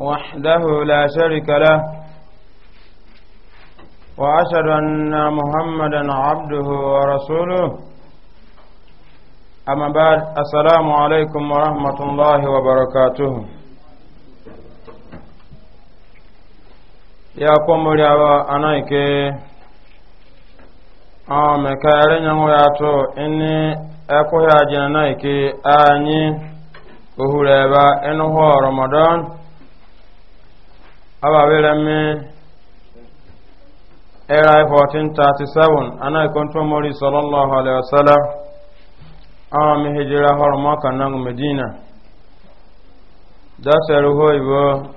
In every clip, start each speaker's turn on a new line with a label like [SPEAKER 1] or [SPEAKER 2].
[SPEAKER 1] وحده لا شريك له وأشهد أن محمدا عبده ورسوله أما بعد السلام عليكم ورحمة الله وبركاته يا قوم يا أنايك أم كارن يهواتو إني أكو يا جنايك أني أهو لبا إنه رمضان me era 1437 ana ikonto mori sallallahu alaihi wasallam awa mi hijira horo maka nangu medina daseru ho ibo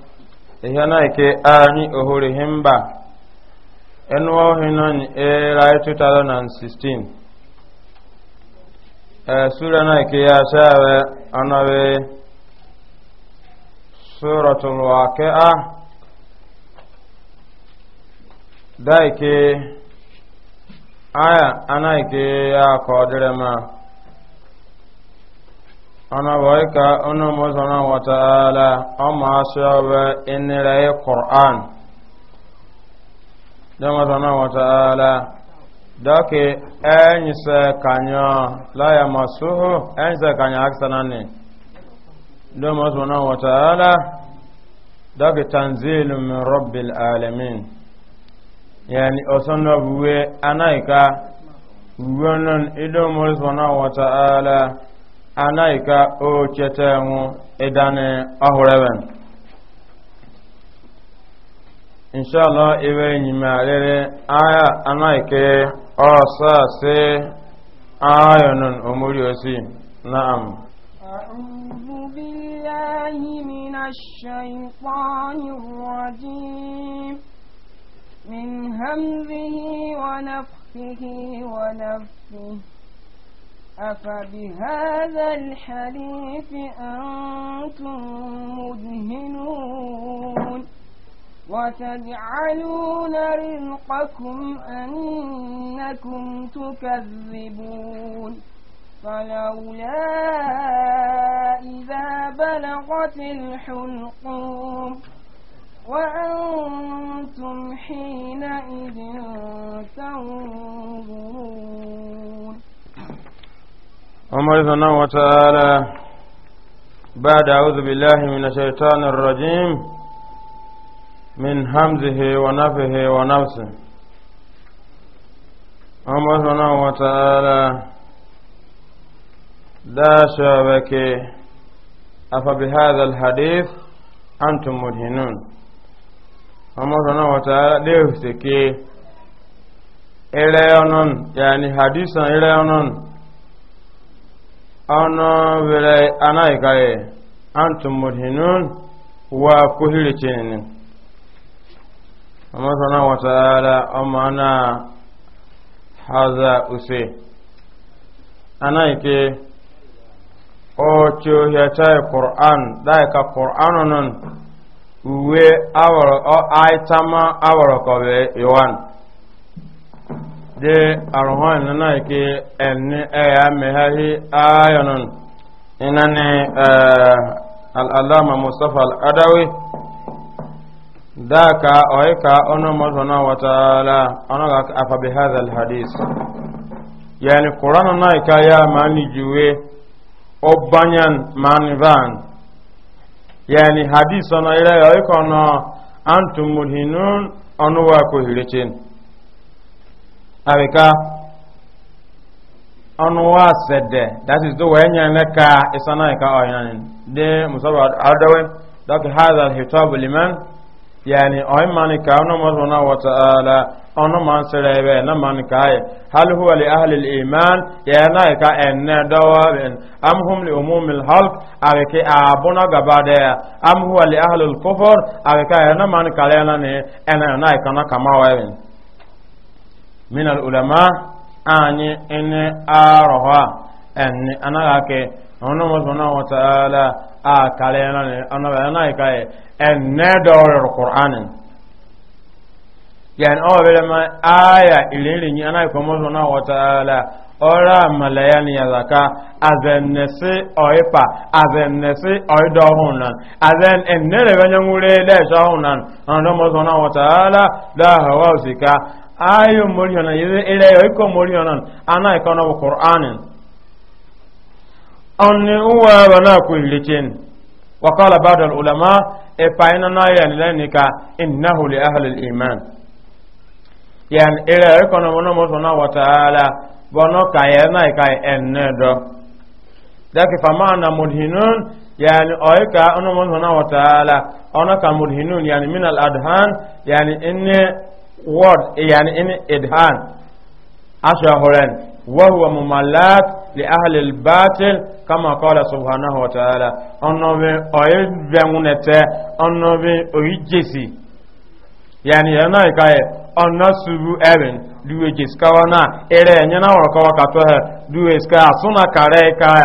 [SPEAKER 1] na ike ani ohori himba enuwa ohinan era 2016 e, sura na ike ya shawe anawe suratul waqi'ah daike aya ana ke ya kodire ma ana wai ka ono mo sona wa taala o ma so we inira qur'an da ma sona wa taala dake enyi se kanyo la ya masuhu enyi se kanyo aksana ne da ma alamin yani osono buwe anaika wonon ido mori subhanahu wa ala anaika o cheta idane ahurewen inshallah iwe enyima rere aya anaike osase ayonon omori osi na'am أعوذ بالله من الشيطان الرجيم من همزه ونفخه ونفخه أفبهذا الحديث أنتم مدهنون وتجعلون رزقكم أنكم تكذبون فلولا إذا بلغت الحلقوم وأنتم حينئذ تنظرون أمر الله وتعالى بعد أعوذ بالله من الشيطان الرجيم من همزه ونفه ونفسه أمر الله وتعالى لا شابك أفبهذا الحديث أنتم مدهنون ọmọdọ̀nà wọ̀ta léèfèké ẹrẹ ọ̀nàn yàní hadisan ẹrẹ ọ̀nàn ọ̀nà wẹ̀rẹ̀ anáìkáyẹ̀ antumurhinun wa kuhiricini ọmọdọ̀nà wọ̀ta ọmọ ana haza use anáìké ọ̀chọ̀ yàtà Qur'an dáìka Qur'an náà uwe aitama awarọkọbe iwan de arhon na naike enni eya mehahi ayonon ina ne eh, mustapha al'adawi daka oika ono mazana wataala ono ga afa bi hadha hadis yani qur'an naika ya mani juwe obanyan manvan yani hadis ono ire ya iko no antum mulhinun ono wa ko hirechin abeka ono wa sede that is the way nya neka isana ka oyanin de musaba adawe dak hadha al hitab liman yani oyman ka ono mo wa ta'ala ono man serebe na man kai hal huwa li ahli al iman ya na ka enna dawaben am hum li umum al halq aweke abona gabade am huwa li ahli al kufur aweka na man kale na ne en na ka na kama waben min al ulama ani en arwa en ana ke ono mo sona wa taala a kale na ne ana na kai en ne dawar qur'anin yani awa bere ma aya ilere ni ana ko mo na wa taala ora malaya ni yazaka azennese oipa azennese oido hunan azen enere banya ngure le so hunan ando mo na wa taala la hawa sika ayo mori ona yele ile yo ko ana ko no qur'anin onni uwa bana ku ilichin وقال بعض العلماء إبعنا نايا لنك إنه لأهل الإيمان yan ere ekono mono mo sona wa taala bono kaye na kai enne do daki famana mudhinun yani oika ono mo sona wa taala ono ka mudhinun yani min al adhan yani inne word yani inne idhan ashahuran wa huwa mumallat li ahli al batil kama qala subhanahu wa taala ono be oye bengunete ono be oyijesi yani yana ikaye ọ̀nà ṣubú ẹ̀rìn duwe jiskawa na ere, ẹ̀yẹn náà wọ̀rọ̀kọ́wọ́ kàtọ́ duwe iska àsúnà kare ikaye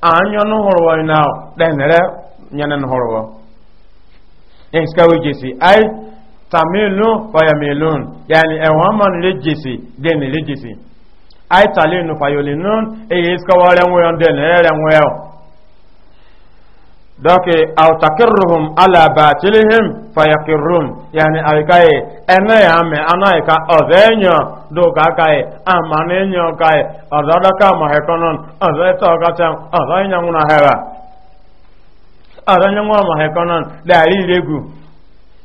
[SPEAKER 1] anyɔnu hɔrɔwɔ yi naa dɛn rɛ nyɛnɛ nu hɔrɔwɔ ɛsikawo jesi ayi tamilun fayamilun yanni ɛwɔn manu le jesi dɛn le jesi ayi talinun fayolinun eye ɛsikawo rɛ ŋoyɔ dɛn rɛ rɛ ŋoyɔ. dɔke aw takirruhum ala batilihim fayakirrun yani aw ka ye ɛnɛ y'a mɛ ana ye ka ɔzɛ ɲɔ do ka ka ye a mane ɲɔ ka ye ɔzɔ dɔ ka mɔhɛ kɔnɔn ɔzɔ tɔ ka tɛn ɔzɔ ɲɛŋuna hɛra ɔzɔ ɲɛŋuna mɔhɛ kɔnɔn dari regu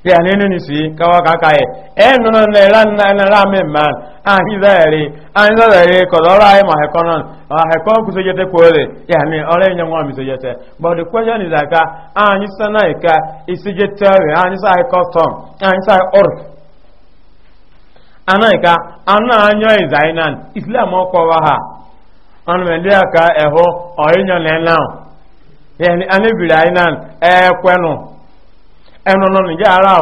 [SPEAKER 1] ya nínú nìsí káwà kàkà ẹ̀ ayé ẹ̀kọ́ náà ẹ̀kọ́ ya ní ọ̀rẹ́ ìyẹn wọn mi but the question is aka àhìn sánà ìka ìsíjẹ́tẹ́ rẹ̀ àhìn sáà custom àhìn sáà orf àná ìka àná àyọ ìzàínàn islam ọkọ̀ wa ha ọ̀nà ẹ̀họ́ ọ̀rẹ́ ìyẹn ẹnu nọ nìjẹ́ ara dara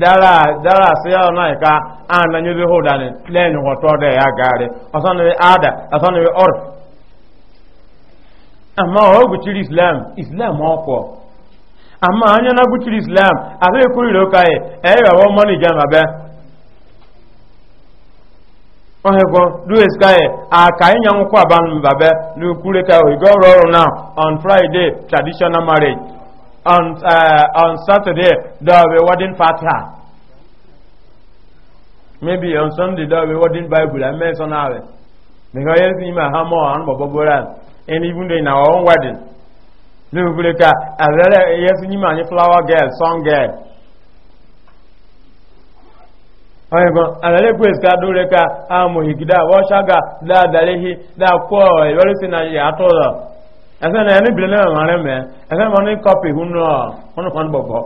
[SPEAKER 1] dara dára sí ọ̀nà ìka àná nyebe hó dání lẹ́yìn wọ́tọ́ dẹ̀ ya gàrí ọ̀sán ni ada ọ̀sán ni ọ̀r àmà ọ̀rọ̀ gùchìrì islam islam ọkọ̀ àmà anyánà gùchìrì islam àti ìkúrì lóka yìí ẹ̀yẹ̀ ọ̀wọ́ mọ́nì jẹ́ màbẹ́ ọhịgwọ louis kaye aka ịnyanwụkwa abanụ mbabe a ka oyigo ọrụ ọrụ na on friday traditional marriage on uh, on Saturday there will be wedding party Maybe on Sunday there will be wedding Bible. I mean so now because yes in my hammer and Bobo and even in our own wedding. Look, look, yes, you man, flower girl, song girl. onye bụ analekwe ka dụrụ ka amụghị gida wọshaga da dalehi da kwọ ewere si na ya atụ ụlọ ẹsẹ náà ẹni bìrẹ náà rẹ mẹ ẹsẹ náà ní kọpì húnú ọ wọn kàn bọbọ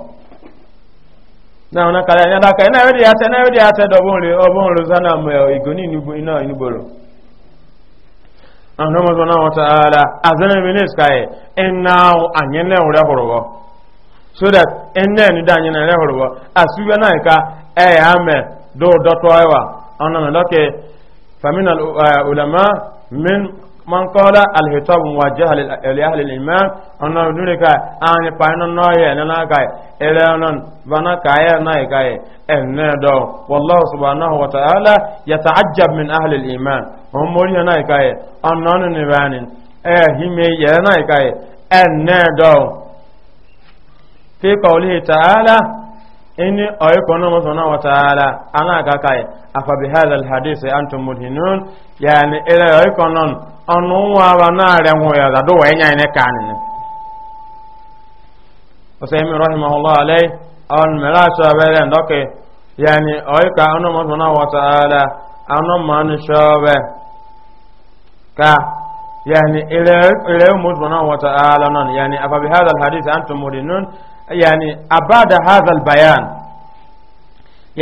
[SPEAKER 1] náà wọn kàlẹ ẹni adaka ẹni ẹwẹdi atẹ ẹni ẹwẹdi atẹ dọbọn rẹ ọbọn rẹ sanna mọ ìgò ní ìnú iná ìnúbọrọ. àwọn ọmọ sọ̀rọ̀ náà wọ́n ta ara mi ní ìsikáyẹ ẹ̀nà àyẹ̀nà rẹ̀ hùrù wọ́ so that ẹ̀nà ẹni dá àyẹ̀nà rẹ̀ hùrù wọ́ àsìwẹ́ náà ìka ẹ̀ yà mẹ́ dọ́ọ̀dọ́tọ̀ ulama min man kola alhitab muwajjah li ahli al-iman anna dure ka an pa no no ye na ka ele non bana ka ye na ka ye en do wallahu subhanahu wa ta'ala yata'ajjab min ahli iman hum mori e na ka ye anna banin e hime ye na ka ye do fi qawlihi ta'ala inni oikono mo wa ta'ala ana ka ka afa bi hadha al antum mudhinun yani ila oikonon ọnụ nwa wa na-arịa nwụ ya dado wee nye anyị ka anyị usaimi rahimahullah alai on mere asọ abere ndoke yani oyi ka ọnụ mmadụ na wata ala ọnụ mmanụ shọbe ka ya ni ire mmadụ na wata ala non yani afabi hadha alhadith antum ya ni abada hadha albayan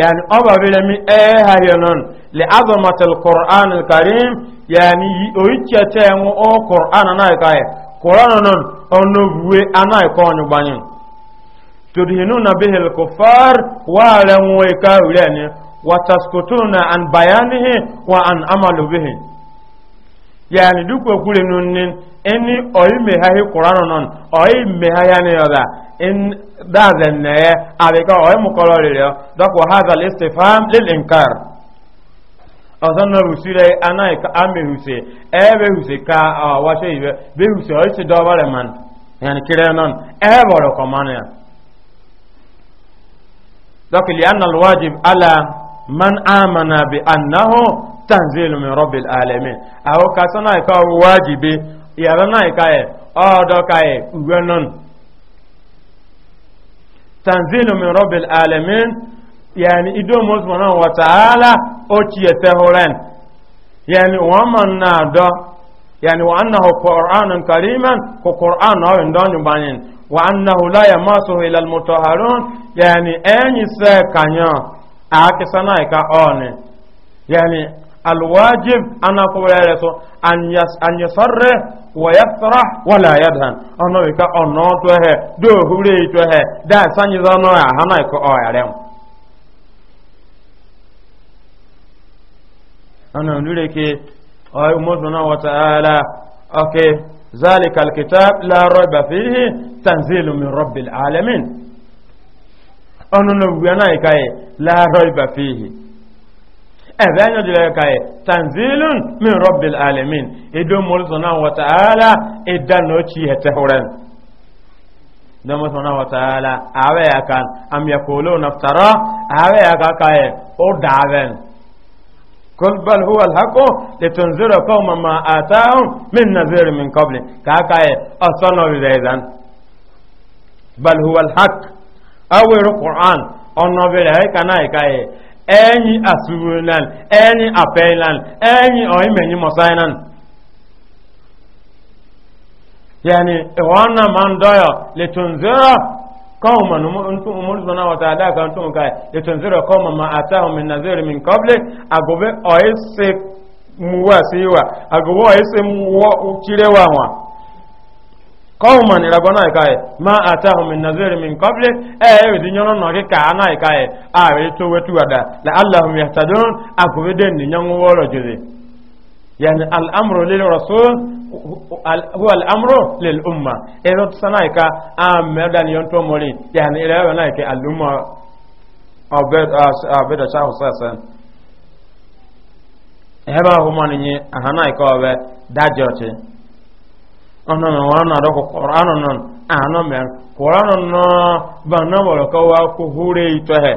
[SPEAKER 1] يعني أبا بلمي إيه هاي نون لعظمة القرآن karim yani oyichete enwe o qur'an anaikaye qur'an non onobuwe anaikonyu gbanyin tudhinuna bihi alkufar wala mweka ulani wataskutuna an bayanihi wa an amalu bihi yani dukwe kule nunnin eni oyime hahi qur'an non oyime hayani yoda in dazen ne abika oyimukolo lilyo dako hadha alistifham lilinkar ọ̀sánà rùsílẹ̀ anáìka amèhùsẹ̀ ẹ̀ẹ́bẹ̀hùsẹ̀ ká àwáṣẹ́ ìwẹ́ bẹ̀hùsẹ̀ ọ̀ẹ́sì dọ́bàrẹ̀ man yàn kírẹ́ náà ẹ̀ẹ́bọ̀rọ̀ kọmánìyà dọ́kìlì annalwájib ala man amana bi annahu tanzilu min rabbil alamin àwọn ka sọ́nà ìka wájibi ìyàrá náà ìka ẹ̀ ọ̀ọ́dọ́ ka ẹ̀ ìwẹ́ náà tanzilu min rabbil alamin yàn idó mọ́sùmọ́ náà wọ̀tàálà أوتي تهورن يعني ومن نادى يعني وأنه قرآن كريما كقرآن أو إندون يبانين وأنه لا يمسه إلى المطهرون يعني أني سكانيا أكسنا إكا أوني يعني الواجب أن أقول أن يصرح ويفرح ولا يدهن أنا بك أنا توه دو هولي توه دا سنجزانو أنا إكا أو يريم ana lure ke ay umar subhanahu wa ta'ala okay zalika alkitab la rayba fihi tanzilu min rabbil alamin onono wiana ikaye la rayba fihi ẹ̀bẹ́yàn jùlọ ẹ̀ka ẹ̀ tanzilun min rabbil alamin ido mọ́lù sọ̀nà wàtàálà ìdáná ọ̀chí ẹ̀tẹ́hùrẹ́n dọ́mọ́ sọ̀nà wàtàálà ààwẹ̀ ẹ̀ka àmì ẹ̀kọ́ olóòna tààrà ààwẹ̀ ó dàáwẹ̀ قل بل هو الحق لتنذر قوما ما آتاهم من نذير من قبل كاكاي أصنع بذيذان بل هو الحق أو القرآن أنه بلهي كناي كاي أني أسولان أني أبيلان أني أيمني مصاينان يعني وانا من ضيع لتنذر قوما umar subhanahu wa ta'ala kan tun kai litunzira qauman ma atahum min nadhir min qabli agobe oyse muwa siwa agobe oyse muwa ukirewa wa qauman iragona kai ma atahum min nadhir min qabli eh bi nyono no ke ka na kai a wetu ada yani al'amuru lil rasul huwa al'amuru lil umma ẹ̀rọ tó sanáà ká a mẹ́rẹ́dá ni yọ́n tó mọ́rí yani ẹ̀rọ náà ká al'umma ọ̀bẹ̀dọ̀ ṣáà sẹ́sẹ́ ẹ̀rọ ahùmọ́ ni yí àhánà ikọ̀ ọ̀bẹ̀ dájọ́ ti ọ̀nà wọn náà dọ́kọ̀ kọ̀rọ̀ ànà náà àhánà mẹ́rin kọ̀rọ̀ ànà náà bá náà wọ̀rọ̀ kọ́wàá kó húrẹ́ ìtọ́ ẹ̀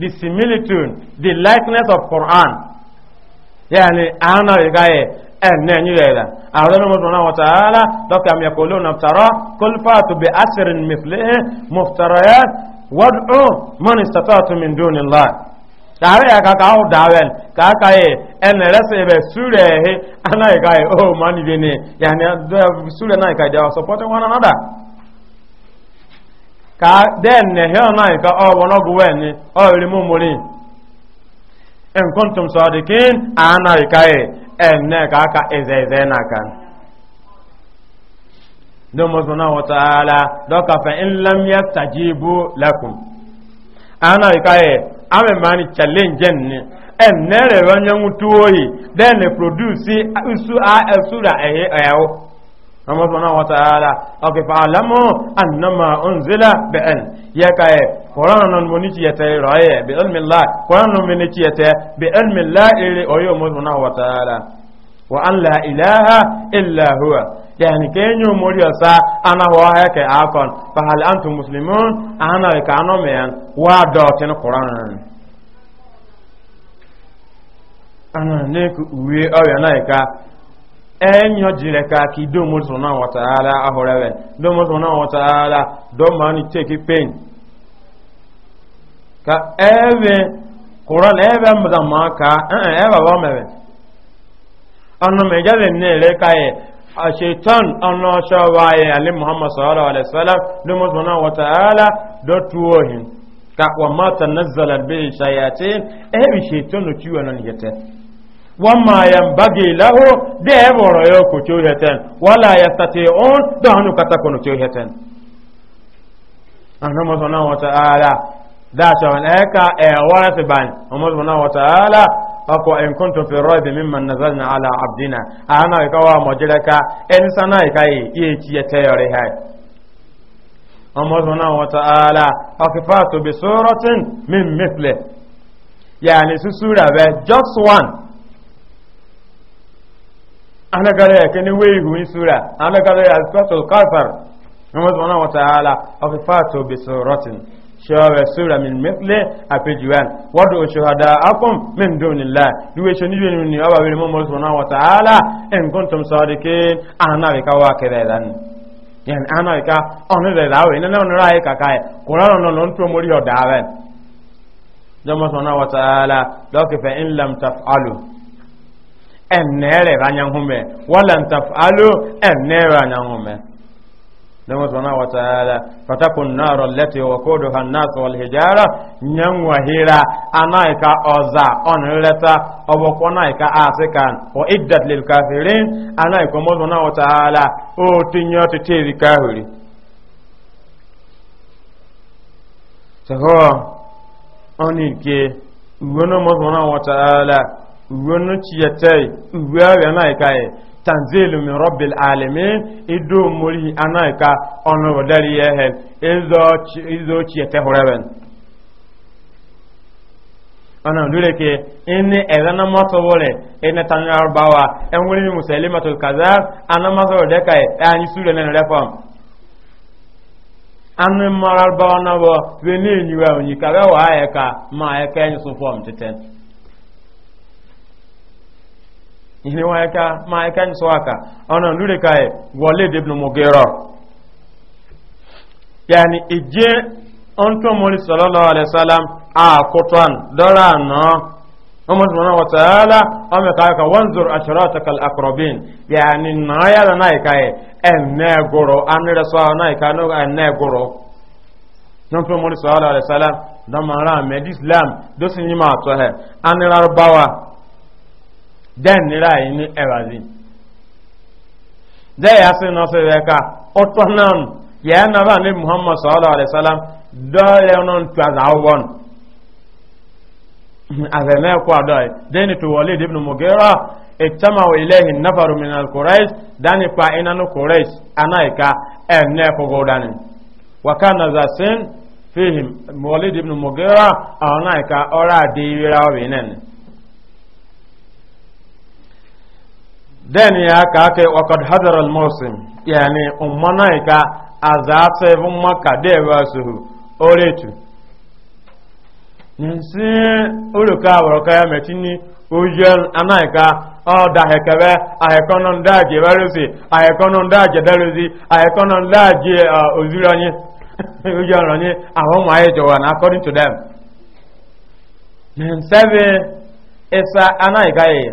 [SPEAKER 1] the similitude the likeness of quran yani ana rigaye enne eh, ni rela awon mo dona wa taala doka am yaquluna tara kul fatu bi asrin mithlihi muftarayat wad'u man istata'tu min dunillah dawe ya kaka o dawel kaka ye enne rese be sure he ana rigaye o oh, mani bene yani sure na ka ja support one another ka den ne na ka o wono guweni o ri mu muri en kuntum sadikin ana ka e en ne ka ka eze eze na kan do mo sona wa taala do ka fa in lam yastajibu lakum ana ka e ame mani challenge ne en ne re den ne produce usu a ehe ọmọ sọ́nà wàtàálà ọkẹfà alamọ́ annama ọ̀nzílà bẹ̀ẹ̀n yẹ ka ẹ̀ kọ̀rọ̀nà nan mo ní ti yẹtẹ rọ̀ ẹ̀ bẹ̀ ẹ̀lmìlá kọ̀rọ̀nà mo ní ti yẹtẹ bẹ̀ ẹ̀lmìlá èrè ọ̀yọ́ ọmọ sọ́nà wàtàálà wa an la ilaha illa huwa yani kenyo mori osa ana wa ha ke akon fa hal antum muslimun ana ka no men wa do tin qur'an ana ne ku uwe o ya na ka enyo jire ka ki do mo sona wa taala ahorewe do mo sona wa taala do mani take pain ka eve quran eve mdama eh, eh, ka eh eve wa mewe anno e a shaitan e, ali muhammad sallallahu alaihi wasallam do mo sona wa taala do tuohin ka wa ma tanazzala bi shayatin ebi shaitan no ciwo nan wama yambagi lahu de eboro yo ko choheten wala yastati'un dahnu katakono choheten anna mo sona wa ta'ala da chawan eka e wala se ban mo sona wa ta'ala ako en kuntum fi raybi mimma nazalna ala abdina ana ka wa mojiraka en sana kai ye ci yeteyore hay mo sona wa ta'ala akifatu bi suratin min mithli yani su sura just one anagara ya kene wey gun sura anagara ya suratul kafar namo subhanahu wa ta'ala of fatu bi rotin shawa sura min mithli apijuan wadu shuhada akum min la duwe shoni duwe ni aba wili mo subhanahu wa ta'ala en kuntum sadiqin ana bi kawa keredan yan ana ka onu de lawe ne onu rai kakai qur'an nono no to mori odawe jama subhanahu wa ta'ala dokifa in lam taf'alu enere banya hume wala ntafalu enere banya hume Nemo subhanahu wa ta'ala fatakun naro lati wa wal hijara nyan anaika oza on leta obokwa naika asikan wa iddat lil kafirin anaika mo subhanahu wa ta'ala o tinyo n'aka tiri kahuri so ho onin ke wọnú tiyẹtẹ ìwé min rabbil alamin ana dole ke in ẹ̀rẹ́ na mọ́tò wọlé ẹni kaza ana mọ́tò ọ̀dẹ́ ká yẹ ẹni súrẹ̀ nínú rẹ́fọ̀m anu mọ́ra bá wọn náà wọ wẹ́n ní ìyíwá òyìnká bẹ́ẹ̀ wà á yẹ ká ihini waika maika ni swaka ona lure kae walid ibn mugira yani ije onto moli sallallahu alaihi wasallam a kotwan dola no Ọmọ Subhanahu wa ta'ala ọmọ ìkàwé ka wọ́n zòrò aṣọ́rọ́tàkà àkọ̀rọ̀bìn yàní náà náà ìkàwé ẹ̀nẹ́ gòrò anírẹ́sọ́ náà ìkàwé ẹ̀nẹ́ gòrò. Nyọ́n fún Mọ́lì Sọ́ọ́lá Alẹ́sálá dọ́mọ̀ ara mẹ́dí Islam dó sì yí máa tọ́ ẹ̀ anírárúbáwá den nira yi ni ewazi de ya si no se ka oto nan ya na ba ni muhammadu sallallahu alaihi wasallam do le non twa za won ave me kwa do den to walid ibn mugira ijtama'u ilayhi nafaru min al-quraish dani pa inanu quraish anaika enne ko godani wa kana za sin fihim walid ibn mugira anaika ora de yira winen den ya ka ake wakad hadar al-musim yani ummana ka azase vumma ka dewa suhu oretu nsi uruka waroka ya metini ujen anaika ọ oh, da hekebe ahekọnọ ndaje werusi ahekọnọ ndaje derusi ahekọnọ ndaje oziri onye ujen onye ahụ ụmụ anyị jọwa na according to them nsebi isa anaika ya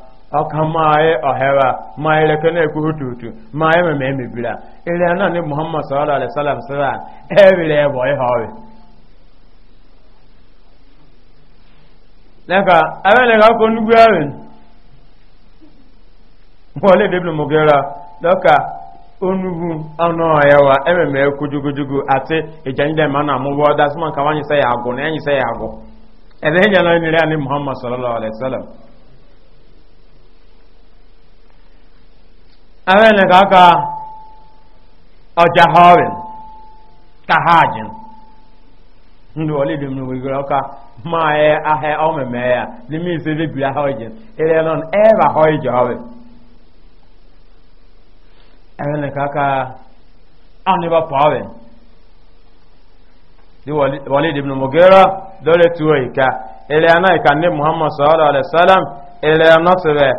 [SPEAKER 1] ọka maị ọhịa ma eleke na-ekwuhu tutu ma ememe emebiri a ere ya naanị muhammad sallallahu alaihi wasallam sara ebiri ebe ihe ọrị naka ebe na ga-akọ nnukwu erin wọle debiri mugera dọka onugbu ọnụ ọhịa wa ememe ekwu jugujugu ati ijanjide ma na amụba ọda sịma nkawa nyisa ya agụ na enyisa ya agụ ebe enye na nyere ya ni muhammad sallallahu alaihi wasallam awene ka aka ọja horin tahajin ndị wọle dị mmiri wigoro ọka ma ya ahịa ọmeme ya n'ime ise bebiri ahịa ọjin ere nọ ebe ahụ ije horin awene ka aka ọnịba pọrin dị wọle dị mmiri wigoro dole tuwo ika ere anaghị ka ndị muhammad sallallahu alaihi wasallam ere nọ sịrị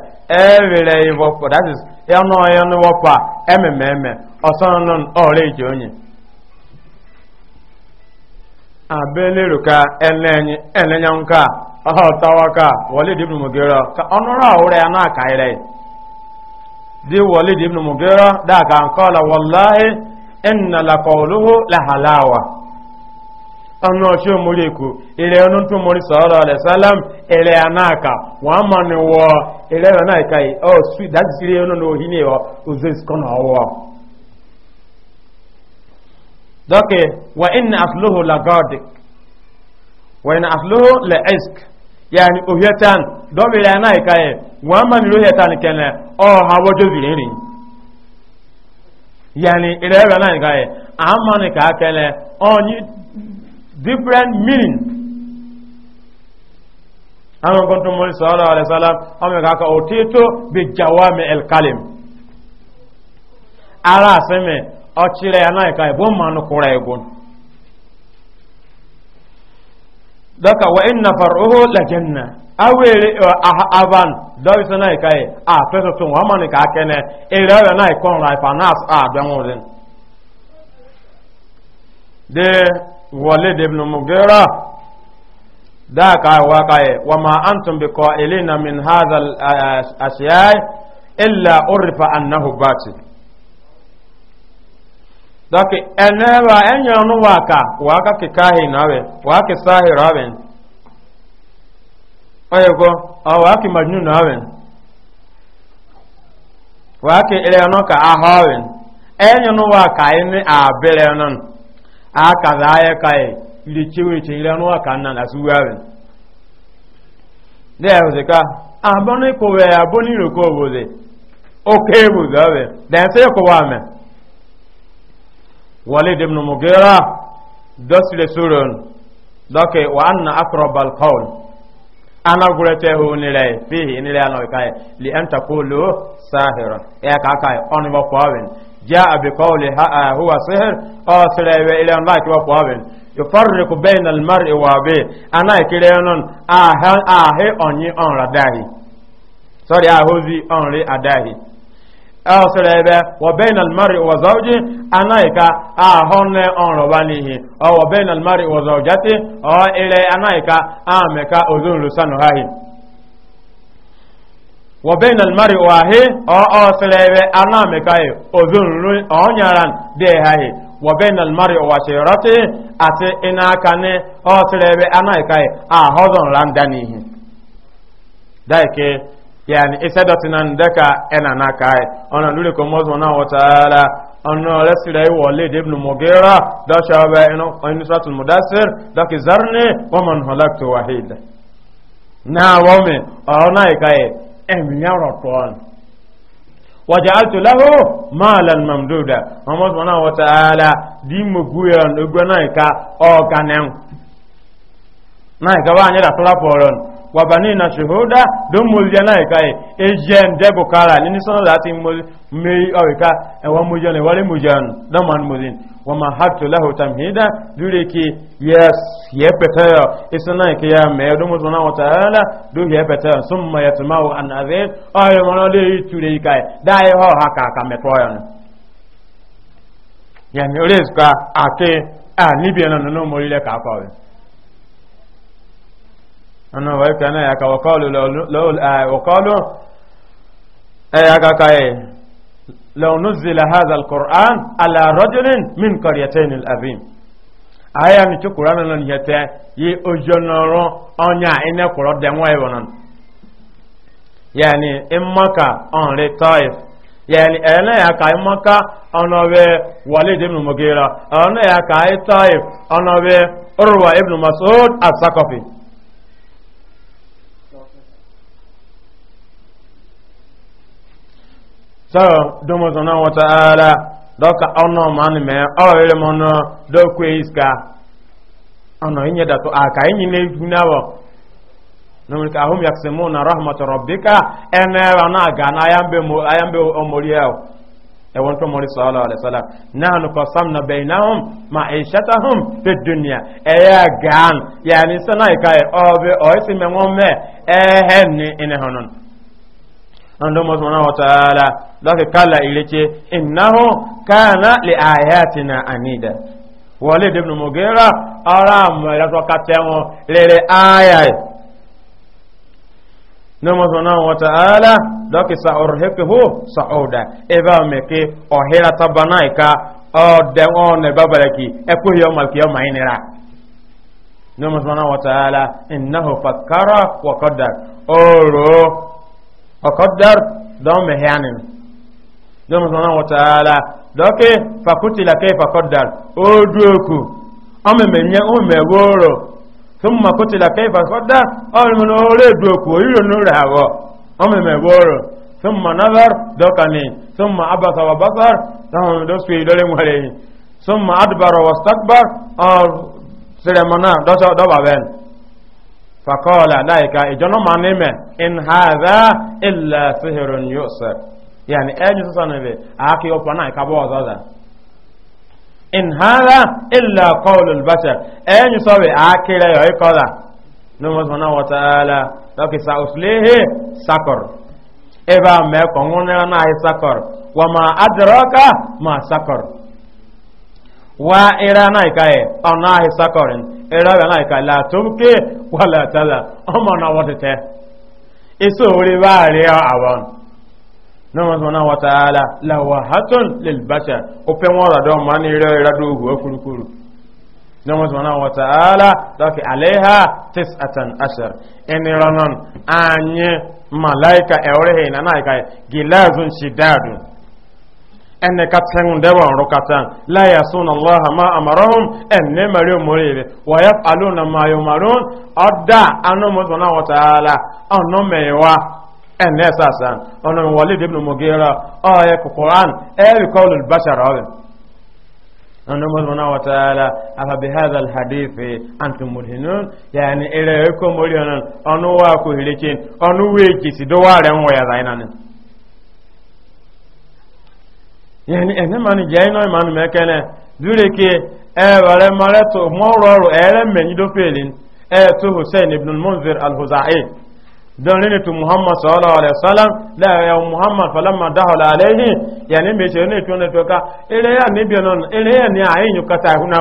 [SPEAKER 1] ewere ịbọ that is ya ịnụ ọya n'ụwọpa emememe ọsọnụ ọrịa ije onye abeleruka elenyi elenyanka ọtawaka wọlid ibn mugera ka ọnụrụ ahụrụ ya na-akaire di wọlid ibn mugera daka nke wallahi inna la qawluhu la halawa ọnụ ọchị omori eku ire ọnụ ntụ omori sallallahu alaihi wasallam ele anaka wa mani wo ele na kai oh sweet that siri no no hini wo uzes kono wo doke wa in asluhu la gadik wa inna asluhu la isk yani uhyatan do bi na kai wa mani lo hetan kene oh hawo do ni yani ele na kai amani ka kele onyi oh, different meaning ama gonto moli sallallahu alaihi wasallam ama kaka otito bi jawami el kalim ala seme o chire ana ka e bon manu kura e gon daka wa inna far'uhu la janna awere avan dawi sana ka e a peso tun wa manu ka kene de walid ibn daaka ahuwa kaye, wa ma'a tumbe ko na min haɗa a siyai illa urufu annahu baati. da ene enewa enyonuwa ka waka aka ke kahi n'awe, wa aka sahi ra'awin oye ko, o wa aka maginu n'awin, wa aka ire nuka aha awin, enyonuwa kayi ne a abi reunonu a aka za'ayi ile chewe che ile anụ ka nna na suwe ahụ dị ka abụọ ịkụwe ya abụọ n'iroko obodo oke ebuzi ahụ dị nsị ịkụwa ame wale dị mnụ mụgera dọsịrị soron dọkị wa anna akrọbal kọl ana gụrete hụ nire fihi nire anọ ka li anta kulu sahira ya ka aka ha huwa ọ sịrị ebe ile ba yufarriqu bayna al-mar'i wa bi ana ikire non aha ahe onyi onra dahi sorry ahozi onri adahi ọsẹrẹbẹ wọbẹn almari wọzọji anaika ahọnẹ ọrọbanihi ọwọbẹn almari wọzọjati ọ ilẹ anaika amẹka ozunlusanu hahi wọbẹn almari wahi ọ ọsẹrẹbẹ anamẹka ozunlu ọnyaran de hahi wa be na mmadụ ọ wa kye raki ase ị na aka nri ọ sịrị ebe a na eka ahọdụ ọla ihe. Da ike ya na ịsa i dọọchị na ndekọ na ọ na aka ọ na nwuliri ka ọ mụzị ọ na ọ chọọ ala ọ nọọrọ siri iwọl ọlịdị ịbụ na mụgera dọkịta ọ bụla ịnụ ịnweta ọ bụ na mụdasịrị wàjàltu lahu máàlán mamduda ọmọ sọ̀nà wọ́tàálà dí mọ̀kú ẹ̀rọ ogun náà ìka ọ̀ọ̀kanẹ́hùn náà ìka wá nyẹ́dà tọ́lápọ̀ ọ̀rọ̀ wabani na shuhuda don mulje na ikai ejen de bukara ni sono lati mei awika e wa mujane wale mujan da man muzin wa ma hatu lahu tamhida dure ki yes ye petaya isana ki ya me do mo sona wa taala do ye petaya summa yatmau an azid ay mono de ture ikai dai ho haka ka me toyan yani reska ake a nibi na no mo ile ka pawe ana wai kana ya ka waqalu law waqalu ay aka kai eh, eh, eh, law nuzila hadha alquran ala rajulin min qaryatayn alazim aya ni qur'an nan yete ye ojonoro onya ene kuro de nwa ibonan e yani in maka on re taif yani ene ya kai maka ono we walid ibn mugira ono ya kai e taif ono we urwa ibn mas'ud as-saqafi so domo zona wata ala doka ono man me o ele mono do iska ono inye da to aka inye ne funawo nomi ka hum yaksimuna rahmatu rabbika ene wana ga na yambe mo ayambe omori e e won to mori sallallahu alaihi wasallam nahnu qasamna bainahum ma'ishatahum fid dunya e ya gan yani sana ka e obe o isi me ngome e henni ine honon ando mo subhanahu wa ta'ala lake kala ileke innahu kana li na anida wale ibn mugira ara mo la to katewon lere aya no mo subhanahu wa ta'ala lake tabanaika o de on ne babaraki e ko yo mal kiyo mainira no oro وقدر دوم هيان دوم سبحانه وتعالى دوك فقتل كيف قدر اودوكو ام منيه ام غورو ثم قتل كيف قدر ام من اولدوكو يرنراو ام مغورو ثم نظر دوكني ثم عبس وبصر ثم دوسي دولي مهلي ثم ادبر واستكبر او سلمنا دوسا دوبابن fakọ́ọ̀lá láìka ìjọ́nà ma ní mẹ́ in haza ilẹ̀ sihirin yóò sẹ́ yàní ẹni sísọ níbi àákí ọ̀pọ̀ náà ìkàbọ̀ ọ̀zọ́dà in haza ilẹ̀ kọ́ọ̀lù bàṣẹ ẹni sọ́wẹ̀ àákí rẹ̀ yọ̀ ikọ́dà ní mọ́sánà wọ́tàálà lọ́kìsà òsìléhì sakọr ẹbá mẹ́kọ̀ ńwúnira náà yí sakọr wọ́n ma adìrọ́kà ma sakọr wá ìrẹ́ náà ìkáyẹ̀ ọ̀nà àhí sakọrin ẹ̀rọ rẹ̀ láìka látòkè wàlátàlà ọmọ náà wọ́n ti tẹ́ èso orí bá rí àwọn náà sọ náà wọ́tàlá làwàhátún lèlbàṣà ó fẹ́ wọ́n rọ̀dọ̀ máa ní rẹ̀ rádó òhù ọkùnrùkùrù náà sọ náà tọ́kì àléhà tis atan ashar ẹni rọ́nà ààyè màláìka ẹ̀wọ́rẹ̀ hẹ̀ náà náà gíláàzùn ṣìdáàdùn ene katsen dewa ro katan la yasun allah ma amarahum enne mari umurire wa yafaluna ma yumarun adda anu mutuna wa taala anu mewa ene sasan anu walid ibn mugira aya qur'an ay qawl al bashar hawin anu mutuna wa taala afa bi hadha al hadith antum mulhinun yani ere ko moriyanan anu wa ko hilikin anu wejisi do wa ren wa ya zainanin yani ene mani jai no mani mekene dure ke e wale mareto mororo ere meni do felin e to Hussein ibn al-Munzir al-Huzai don to Muhammad sallallahu alaihi wasallam la Muhammad falama alaihi ne to ne to ka ere ya ne bi non ere ya ni ayi nyu kata huna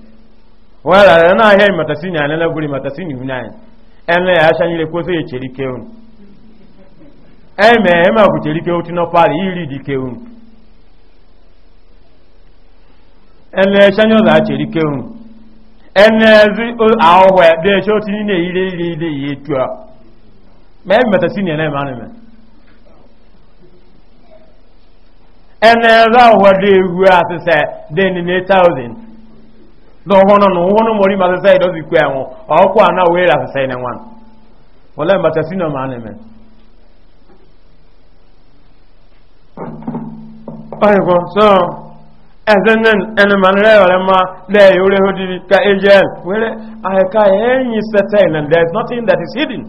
[SPEAKER 1] wala na ahịa matasini anyị na gwuri matasini hu anyị ene ya acha nyire kwese ya cheri keun eme eme ku cheri tino pali iri di keun ene ya acha nyoza cheri keun ene zi ahwe de cho tini ne ire ire ire me ma ne me ene za de asese de ni n'ọhụrụ na ụhụ na mori masị saịd ọzọ ikwe anwụ ọkụ a na wee rasị saịd nwa wọle mbata si n'ọma na eme so ma and there is nothing that is hidden.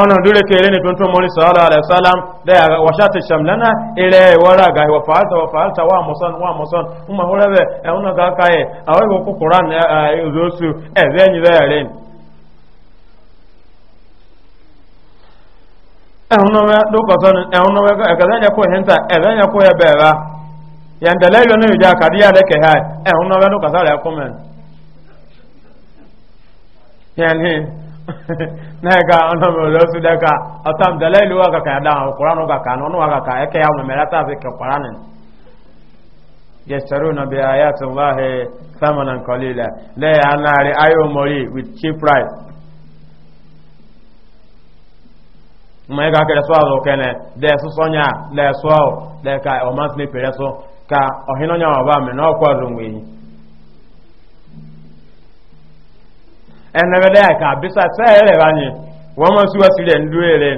[SPEAKER 1] ọ̀nà dúró kéré ní tuntun mọ́ni sọ́ọ́lá alẹ́sálàm lẹ́yà wàṣà ti ṣàmìlẹ́nà ilẹ̀ ìwọ́ra àgà ìwà fàáltà wà fàáltà wà mọ̀sán wà mọ̀sán ń mọ̀ hórẹ́bẹ̀ ẹ̀hún náà ká yẹ àwọn ìwọ̀ kúkúrà ní ọ̀zọ́sù ẹ̀fẹ́ ẹ̀yìn bẹ́ẹ̀ rẹ̀. ẹ̀hún náà lókọ̀tọ́ ni ẹ̀hún náà ẹ̀kẹ́sẹ̀ yẹ kó hinta ẹ̀fẹ́ nega ono molosu deka atam dalailu ka da qur'an waka ka ono waka ka eke ya mwemela ta fi qur'an yashtaruna bi ayati allah thamanan qalila na yanari ayo mori with cheap price mwega ka swazo kene de su sonya le swawo de ka ka ohinonya ọba ba na no ẹnẹrẹdẹ ẹka bisa sẹẹrẹ wani wọn mọ sí wọsi rẹ ndu ere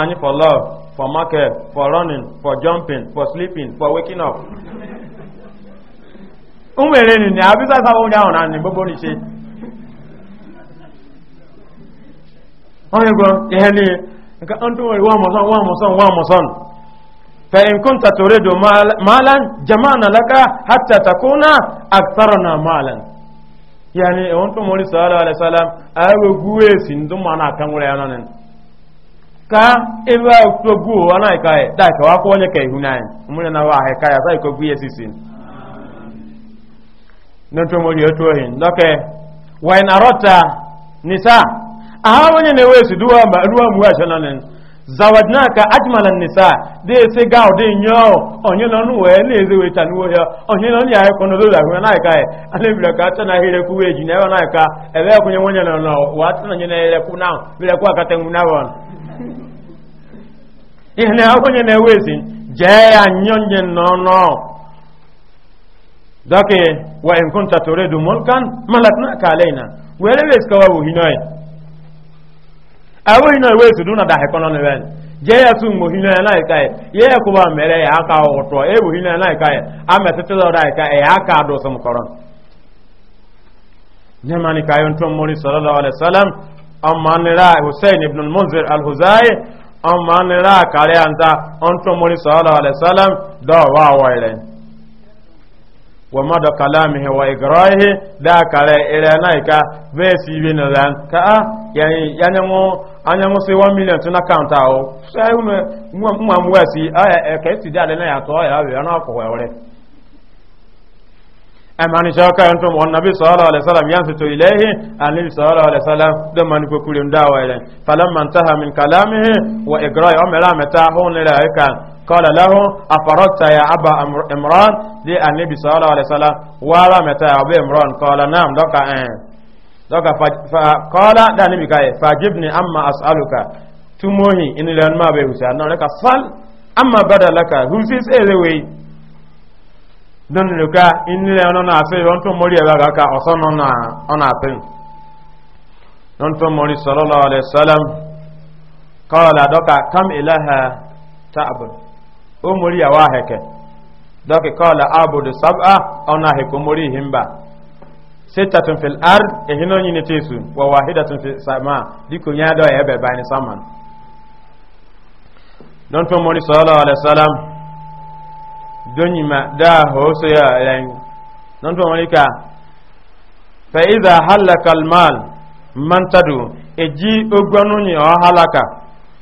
[SPEAKER 1] anyi for love for market for running for jumping for sleeping for waking up. ń wèrè nì ní abisa sábà oúnjẹ àwọn àná gbogbo ní ṣe. wọ́n yẹ gbọ́n ìhẹ́ ni nǹkan ọ̀n tó wọ̀nyí wọ́n mọ̀ sọ́n wọ́n mọ̀ sọ́n wọ́n mọ̀ sọ́n. فإن كنت تريد مالا جمعنا لك حتى تكون أكثرنا مالا yani e, on to mori sallallahu alaihi wasallam awe guwe sin dum ana nọ anan ka ewa to gu ana kai e, da ka wa ko ne kai mun e na wa he kai sai ko guye sisin non to mori to hin doke wa in nisa wonye ne duwa ba duwa mu wa zawadnaka ajmala nisa dese ga ode nyo onye no nu we na eze we tanu we onye no ya e kono dola we na ka e ale bi ka ta na hire ku we ji na na ka e be kunye wonye no no wa ta na nye na ele ku na bi le ku aka ta na won ihne ha kunye na we zin je ya nyonye no no dake wa in kunta turidu mulkan malakna ka alaina wele we ska wa hinoi awo ina we su duna da hekono ne ben je ya su mo hina na ika e ye ko ba aka oto e bo hina na ika e ametete do e. aka do som koron ne mani ka mori sallallahu alaihi wasallam amma ne ra ibn al-munzir al-huzai amma ne ra kare anta mori sallallahu alaihi wasallam do wa wa wa mada kalamihi wa igrahi da kare ire naika ve si bi na lan ka a yani yani mo anya mo se 1 million tuna count o sai uno mo mo mo si a e, e ke ti dale na ya to ya we na ko wore amani e, shaka yanto mo nabi sallallahu alaihi wasallam yansitu ilayhi annabi sallallahu alaihi wasallam da man ko kulin dawa ile falamma intaha min kalamihi wa igrahi amara mata hon la yakan kọ́lá lẹ́hùn afárọ́ta ya abba imran dé anabi sọ́ọ́lá alẹ́sọ́lá wàhálà mẹ́ta ya abu imran kọ́lá náà dọ́ka ẹ̀ dọ́ka kọ́lá dání mi káyẹ fàjib ni amma as'aluka tumohi inilẹ̀ ọ̀nà máa bẹ̀ hùsẹ̀ àná rẹ̀ ka sal amma bada laka hùsẹ̀ sẹ́rẹ̀ wẹ̀ don luka inilẹ̀ ọ̀nà náà fẹ́ wọn tó mọ́rí ẹ̀rọ àgàkà ọ̀sán náà ọ̀nà àfẹ́ wọn tó mọ́rí sọ́lọ́lá alẹ́sọ́lá kọ́lá dọ́ka kam ta'bud omori awa heke doki kola abudu sab'a ona heke omori himba sittatun fil ard ehino nyini tesu wa wahidatun fil sama diko nya do ebe bani saman don to mori sallallahu alaihi wasallam doni ma da hoso ya yan don to mori ka fa idha halaka al mal man tadu eji ogbonu ni o halaka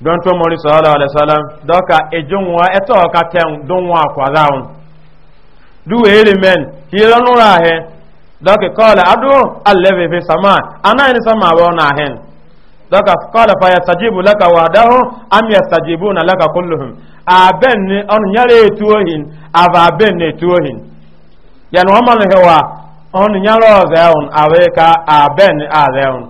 [SPEAKER 1] don to mori sallallahu alaihi wasallam doka ejunwa eto ka tem donwa kwadaun du ere men hira nura he eh? doka qala adu allazi fi sama ana ni sama wa na hen doka qala fa yastajibu laka wadahu am yastajibuna laka kulluhum aben ni on nyare tuohin ava ben ne tuohin yan wa man hewa on nyaro zeun aweka aben azeun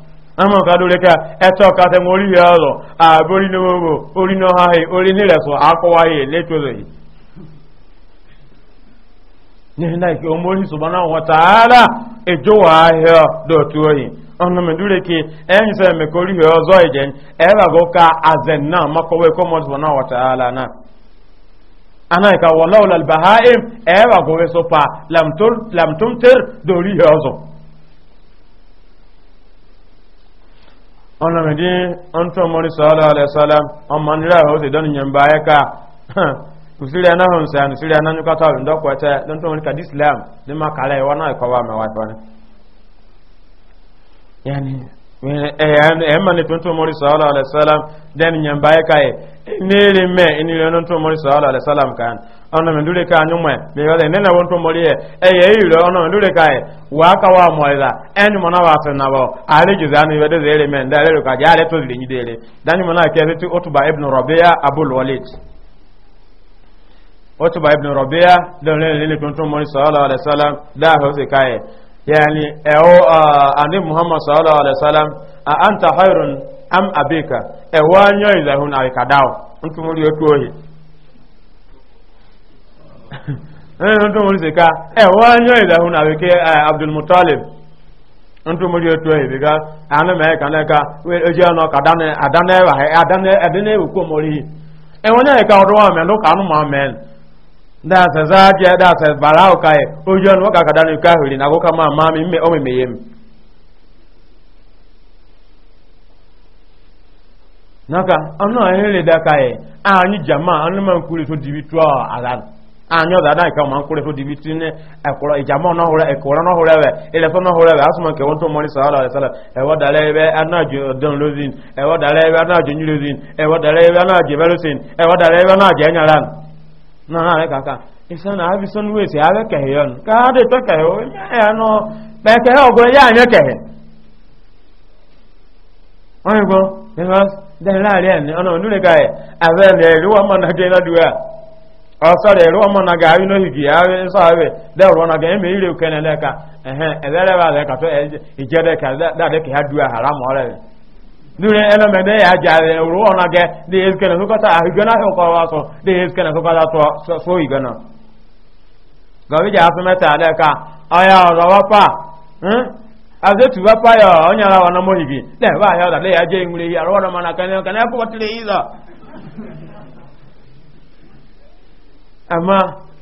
[SPEAKER 1] ama ka dole ka eto ka te mori ya lo a bori no wo ori no ha he ori ni reso akwa he le to le ni na ki o mori subhanahu wa ta'ala e jo wa he do to yi ono me dure ki e en se me kori he ozo ejen e ba e go ka azen na makowe ko mo subhanahu wa ta'ala na ana e ka walaula al bahaim e ba go so pa lam tur lam tumtir dori he ozo ọ̀nà mìdí ọ̀n tó mọ́rí sọ́ọ́lọ́ ọ̀lẹ́sọ́lá ọmọ nílẹ̀ ọ̀hún sì dánù yẹn bá ẹ̀ka kùsìrì ẹ̀nà hàn sàn kùsìrì ẹ̀nà ní kọ́tà ìdọ́kọ̀ẹ́tẹ́ ló ń tó mọ́rí kàdí islam ní má kàlẹ́ ìwọ náà ìkọ́wà mẹ́wàá tó ɛyɛma eh, eh, eh, ne tuntun mori sɔɔlɔ alayisalam dɛni nyɛ baayi ka ye neere mɛ ni yɛrɛ tuntun mori sɔɔlɔ alayisalam kan ɔnà mi dure kaa nyumɛ mi yɛrɛ ne na wo tuntun mori yɛ ɛyɛ eyi yɛrɛ ɔnà mi dure kaa ye ka waa mɔri la ɛni mɔna waa na bɔ ale jose ani yɛrɛ de zeere mɛ nda ale ka jɛ ale to zire nyi deere dani mɔna kɛ ti otuba ibn rɔbiya abul walid otuba ibn rɔbiya dɛni ne tuntun mori sɔɔlɔ alayisalam daa hɔ se kaa yani ẹ̀wọ́ àní muhammad sallallahu a an ta am abika ẹ̀wọ́ anyọ ìzẹ̀hún àríkàdáwọ̀ ntúmúrí otu ohi sika ẹ̀wọ́ anyọ abdulmutalib otu ohi bíga àánú mẹ́ẹ̀ kan lẹ́ka ojú ọ̀nà àdánẹ́wà ẹ̀dánẹ́wà kó mọ́rí ẹ̀wọ́n yẹn ìka ọdún wa ka ló kàánú mọ́ mẹ́ẹ̀ da se bara da se balao kai ojon waka kadan ukahuri na goka ma mami mme omemeye mi naka ana hele da kai anyi jama anu man kure to dibitu ala anyi oda da ka man kure to dibitu ne ekoro ijama na hore ekoro na hore we na hore we asuma ke to na na kaka isana abi sɔn wesi abe kɛhɛ yɔn k'a de tɔ kɛhɛ o nya yɛ o gbɛɛ y'a nya kɛhɛ wọn yi gbɔ nípa dɛn laari yɛ ni ɔnà onúle ka yɛ abɛ lɛ ɛlú wa mɔ du yɛ ɔsɔri ɛlú nure eno me de ya jare uru ona ge de eske na sokata ahigana he ko so de eske na sokata so so igana gawi ja so meta ale ka aya ro wa pa hm aze tu wa pa ya onya ra wana mo higi le ba ya da le ya je ngure ya ro na mana kan kan ya ko tele iza ama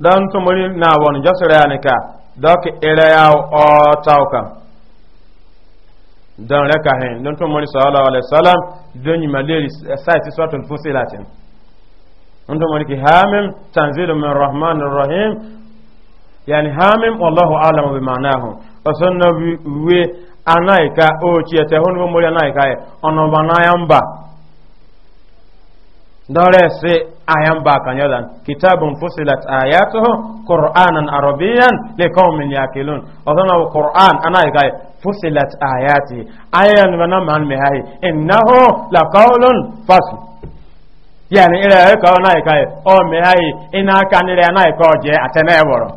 [SPEAKER 1] don tumuri na wani jasura ya nika dok ire ya o tauka don reka hin don tumuri sallallahu alaihi wasallam don yi maleri eh, site sotun fusilatin don tumuri ki hamim tanzilu min rahmanir rahim yani hamim wallahu alamu bi ma'nahu osanna wi anaika o chiyete hunu mo anaika e, ono banaya mba dore se ayan ba kanyodan kitabun fusilat ayatuhu qur'anan arabiyan liqaumin yaqilun odana qur'an ana ga fusilat ayati ayan wana man me hay innahu laqaulun fasl yani ila ka ona ga o me hay ina kanire ana ko je atene woro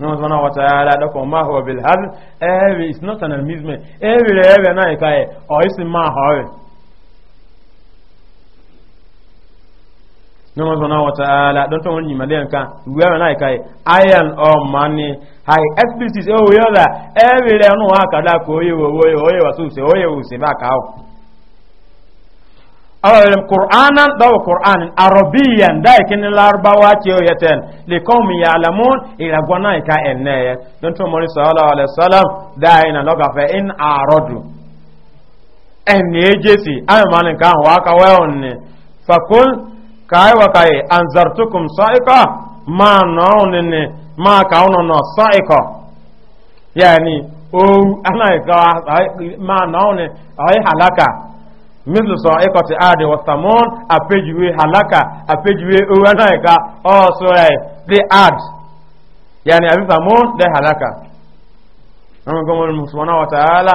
[SPEAKER 1] no zona wa taala da ko ma huwa bil hadl eh is not an amusement eh ila ebe na ka o isi ma hawe nama zana wa ta'ala don tawon ni malen kan wiya na kai ayan o mani hai explicit o yola every le no aka da ko yi wo wo oye wa su se oye u se ba ka o awal qur'anan da qur'an arabiyan da kin larbawa ke o yeten li qaumi ya'lamun ila gwana ka enne don to mori sallallahu alaihi wasallam da ina loka fa in aradu en ejesi ay manin kan wa ka wa onni fakul kai wa kai anzartukum sa'iqa ma nawnini ma kauno no sa'iqa yani o ana ka ma nawni ay halaka mislu sa'iqati adi wa samun apejiwe halaka apejiwe o ana ka o so ay the ad yani abi samun de halaka amma gomo subhanahu wa ta'ala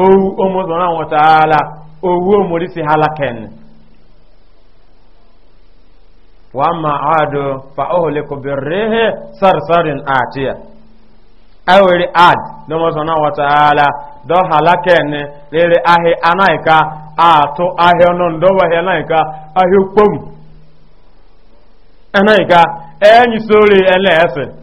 [SPEAKER 1] owu omozona wataala owu omorisi halaken wama ado fa ohliku birrihi sarsarin atiya awere e ad nomozona wataala do halaken rere ahi anaika atu ahi onun do wahi anaika ahi ukpom anaika enyi sori ele ese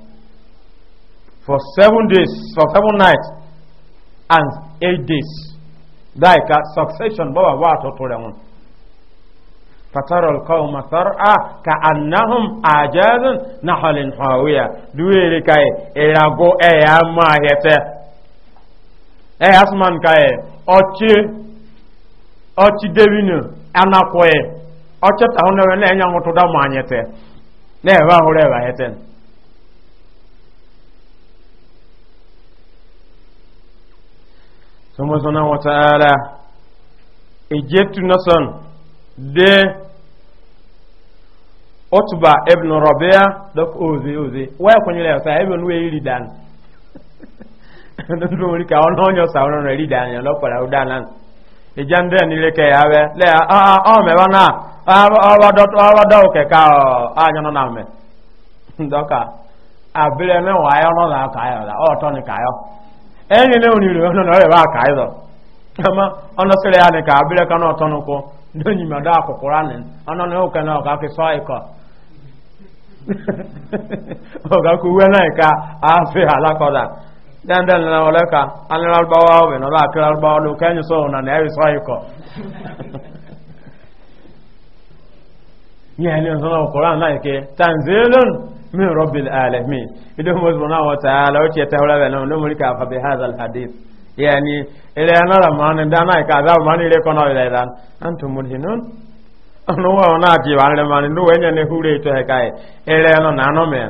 [SPEAKER 1] for seven days for seven nights and eight days dáìka succession bọ́wà wà àtọ́tọ́ rẹ̀ wọn. فترى القوم سرعى كأنهم أعجاز نحل حاوية دويري كاي إلاغو إيا ما يتا إيا أسمان كاي أوتي أوتي ديبينو أنا كوي أوتي تهونو نيا نيا نتودا ما يتا نيا باهو ريبا يتا tuma zana wata ala ejetu nasan de otuba ibn rabia da oze oze waya kwanyere ya sa ibn we iri dan don do ka on nyo sa on ri dan ya lo para udanan ejande ni le ke yawe le a o me bana a wa do a do ke ka o anyo no na me ndoka abire me wa yo no na ka yo la o to ni ka yo enyele oniro ọnụ na ọrịa aka ịzọ ama ọnụ sịrị ya ka abịrị ka n'ọtọ n'ụkwụ ndị onyi ma dọ akwụkwụrụ anị ọnụ na ụka na ọga kesọ ịkọ ọga kuwe na ịka afị alakọda dandan na ọlẹ ka anịrị arụbawa ọbị na ọrụ akịrị arụbawa ọdụ ka enyi sọọ na na eri sọ ịkọ ihe ndị nsọ na ọkwụrụ anị na ike tanzilun min rabbil alamin idan mu subhanahu wa ta'ala o ce ta hura da nan mun ka fa bi hadha al hadith yani ila na ramana da na ka za mani le kono ila dan antum mulhinun ono wa na ti wa le mani do wenya ne hure to he kai ila no na no me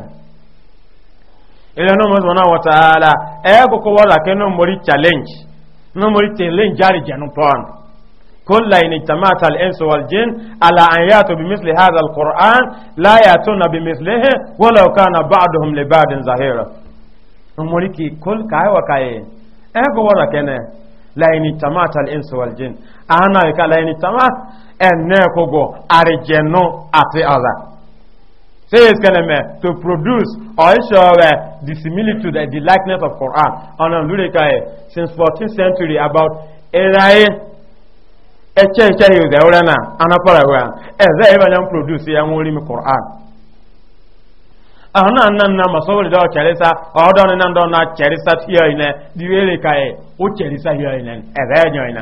[SPEAKER 1] ila no mu subhanahu wa ta'ala e ko ko wala ke no muri challenge no muri challenge jari janu pon كل إن اجتمعت الإنس والجن على أن يأتوا بمثل هذا القرآن لا يأتون بمثله ولو كان بعضهم لبعض ظهيرا أمريكي كل كاي وكاي أكو ولا كنا لا إن اجتمعت الإنس والجن أنا يكا لا إن اجتمعت أنكو جو أرجنو أتي الله says keleme to produce or ensure the similitude the likeness of Quran on lurika since 14th century about Erae eche eche hi ze na anapara wa eze ibe anya produce ya nwori mi qur'an ahna na masawri da cherisa odon na ndo na cherisa tiyo ine diwele kai e, o cherisa hiyo ine enyo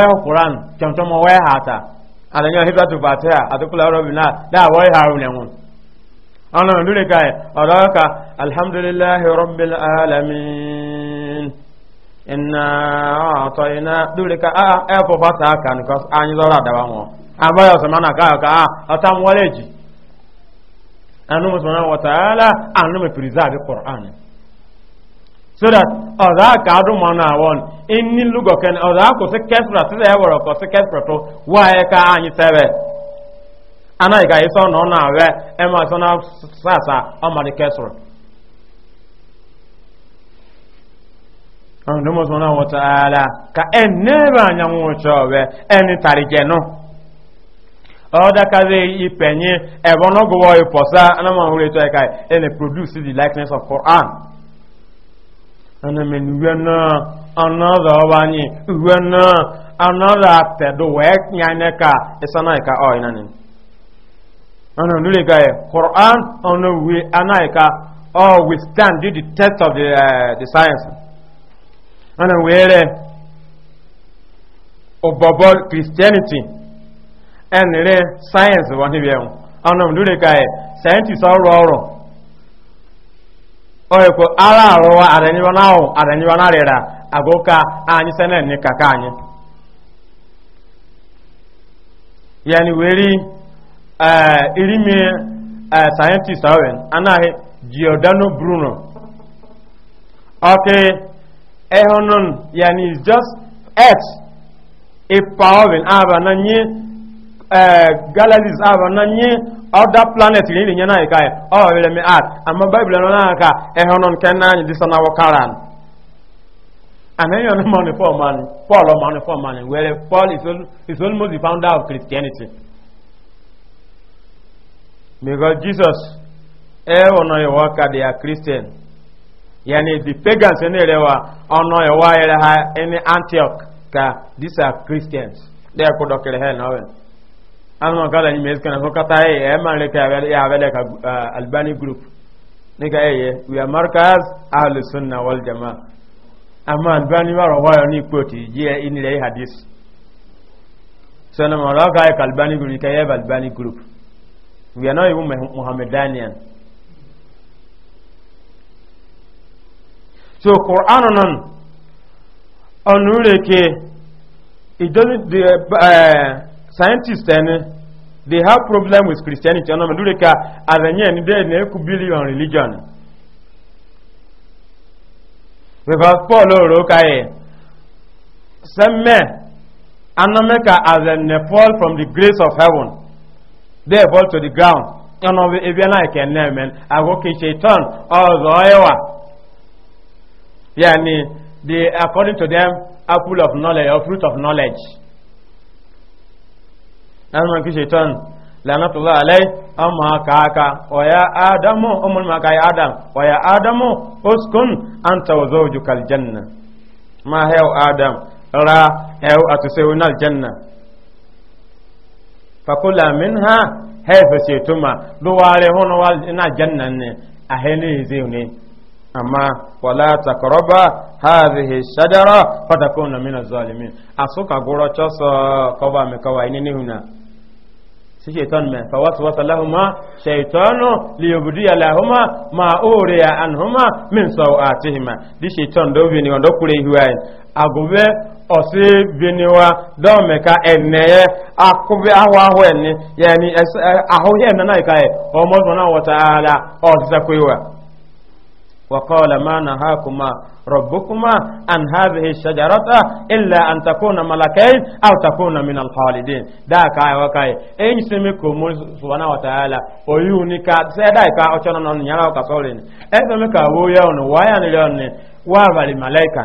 [SPEAKER 1] e qur'an ka ananya hita tu batea atukula robi na da wai haru ne mun ana nune kai araka alhamdulillahi rabbil alamin inna atayna dulika a e ko fata kan ko anyi zora da won abaya samana ka ka atam waleji anu musmana wa ta'ala anu me preserve qur'an so that araka adu mana won inni lugo ken o da ko se kesra se da woro ko se kesra to wa e ka anyi sebe ana ga e iso e no na we e ma so na o ma de kesra mo so na wa ala ka en ne ba nya mu cho we en tarije no o da ka ze ipenye e bono go wo iposa e ana ma hure to e kai the likeness of quran ana we na another wani wana another pedo wek nyane ka isana ka o inani ana nule ka Quran ono we anaika or withstand the test of the uh, the science ọnụ were ụbọbọ Christianity and science wani bi ehun ana nule ka scientist oro oro oyeko ara agụka anyị senen kaka anyị yani weri eh, irime eh, scientist owen anaghị giordano bruno okay ehonun yani is just earth ipa owen aba na nye eh, galaxies aba na nye other planet ni ile nye na ikaye ọ were me earth ama bible na ka ehonun kenan anyị na wakaran And then you're money for money. Paul or money for money. Whereas Paul is, al is almost the founder of Christianity. Because Jesus, everyone eh, you work they are Christian. Yani the pagans in there were on your wire in Antioch. These are Christians. They are called okay hell now. I'm not going to make a kata eh man like a Albani group. Nika eh we are markers Ahlus Sunnah wal Jamaa. amma albani ma rawayo ni kpoti jiya in ilai hadis sana ma la ka ka albani group ka ya albani group we are not even muhammedanian so qur'an non onure ke idolu the uh, eh, scientist ene eh, they have problem with christianity onome lure ka arenye ni de ne ku believe on religion because paul oro ka ye sɛmɛ anamɛka as a fall from the grace of heaven they fall to the ground ɔnɔ bi ebi ɛna kɛ nɛɛmɛn ago kese tɔn ɔzɔɛ wa yanni the according to them apple of knowledge or fruit of knowledge ɛna kese tɔn lanatullah alai amma kaka wa ya adamu umul maka ya adam wa ya adamu uskun anta wa zawjuka aljanna ma hayu adam ra hayu atusayuna aljanna fakula minha haifa setuma duware hono wal ina jannan ne a hele zeune amma wala taqraba hadhihi shajara fatakuna min az-zalimin asuka goro choso koba me kawa inene huna sí ṣetán mẹ́ fọwọ́sowọ́sọ láhùnmá ṣètọ́nù lèyòbùdíyà láhùnmá ma óòrè àhùnmá mìíṣọ́ àtìhìmá dí ṣetán lóbi ni ọ̀dọ́ kúrẹ́ ihu ẹ̀ agùnbẹ́ ọ̀sí biniwa dọ́ọ̀mẹ́ka ẹ̀nẹ́yẹ akúbẹ́ ahọ́ ahọ́ ẹ̀ni yẹni ahọ́ yẹ̀ nánà ìka ẹ̀ ọmọ وقال ما نهاكما ربكما عن هذه الشجرة إلا أن تكون ملكين أو تكون من الخالدين داك أي وكاي إن سمكو سبحانه وتعالى ويونيكا سيدايكا أتشانا نيانا وكسولين إذا ويون ويان لون وابل ملايكا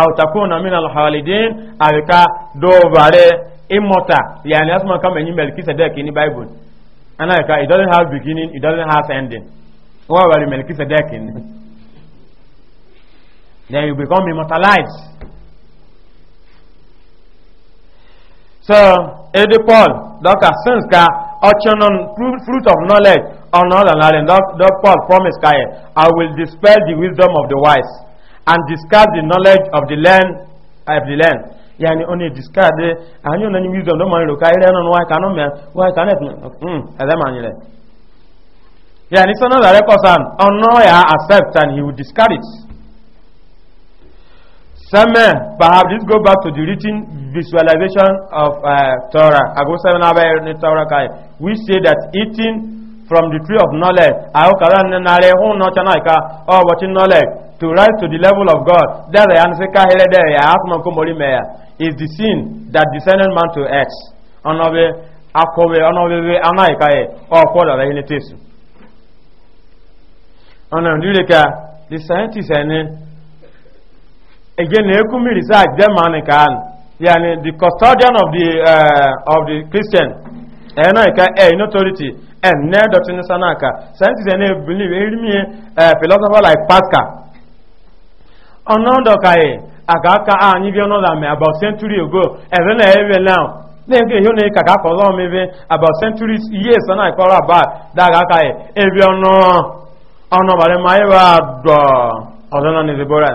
[SPEAKER 1] أو تكون من الخالدين أبكا دوبالي إموتا يعني أسمع كم يملكي سيدايكي ني بايبل أنا كا it doesn't have beginning it doesn't have ending wọ́n wà rí melchizedek ni then you become immortalized so edi paul dọ́kà since ka ọ̀chẹ́nà fruit of knowledge ọ̀nà ọ̀làlàrin dọ́ paul promise ka i will dispel the wisdom of the wise and discard the knowledge of the learned of the learned yani oni discard the anyi onanyi wisdom don mọ irò ka ire ẹnu wáyé kanú mẹ wáyé kanú ẹtùmẹ ẹdẹ mà nyìlẹ. Yeah, and it's another record and honor accept and he will discard it. Some perhaps this go back to the written visualization of uh, Torah. I go seven in Torah We say that eating from the tree of knowledge, or watching knowledge, to rise to the level of God, there is the sin that descended man to earth. Ọ̀nà ọ̀bẹ akọ̀wé ọ̀nà ọ̀bẹ anáìkáyẹ̀ ọ̀pọ̀ ọ̀dọ̀ rẹ̀ ní tẹ̀sùn. ọ̀nà ka the scientist ẹni again ekun mi research ka kan yani the custodian of the uh, of the christian ẹ̀nà ìka ẹ̀ in authority ẹ̀nẹ́ eh, dọ̀tíní sanaka scientist ẹni believe eri a eh, philosopher like pascal ọ̀nà ọ̀dọ̀ka ẹ̀ àkàkà ààyè bí ọ̀nà ọ̀dàmì about century ago ẹ̀rẹ́ náà ẹ̀rẹ́ náà na nke ihe na-eka ka afọ ọzọ mebe about centuries years na ikọrọ abad daga aka ya ebe ọnụ ọ̀nà bàrẹ̀ máa yíwa dọ̀ ọ̀dọ́nà ní zibora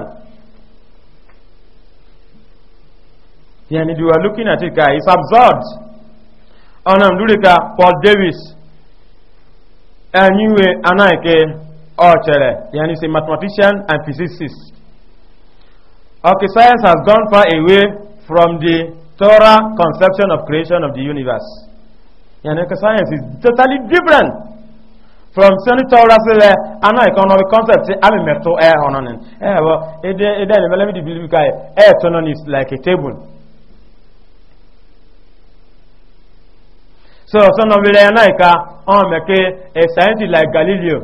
[SPEAKER 1] yẹni diwa looking at it guy is absurd ọ̀nà ndúrika paul davis ẹ̀yìnwé anáìké ọ̀chẹ̀rẹ̀ yẹni is a mathematician and physicist okay science has gone far away from the thorough conception of creation of the universe yẹni science is totally different from senator rasile uh, ana economic concept say ami meto e hono nin e bo ede ede le let me the believe guy e eh, tono is like a table so so no bere na ika on meke uh, a scientist like galileo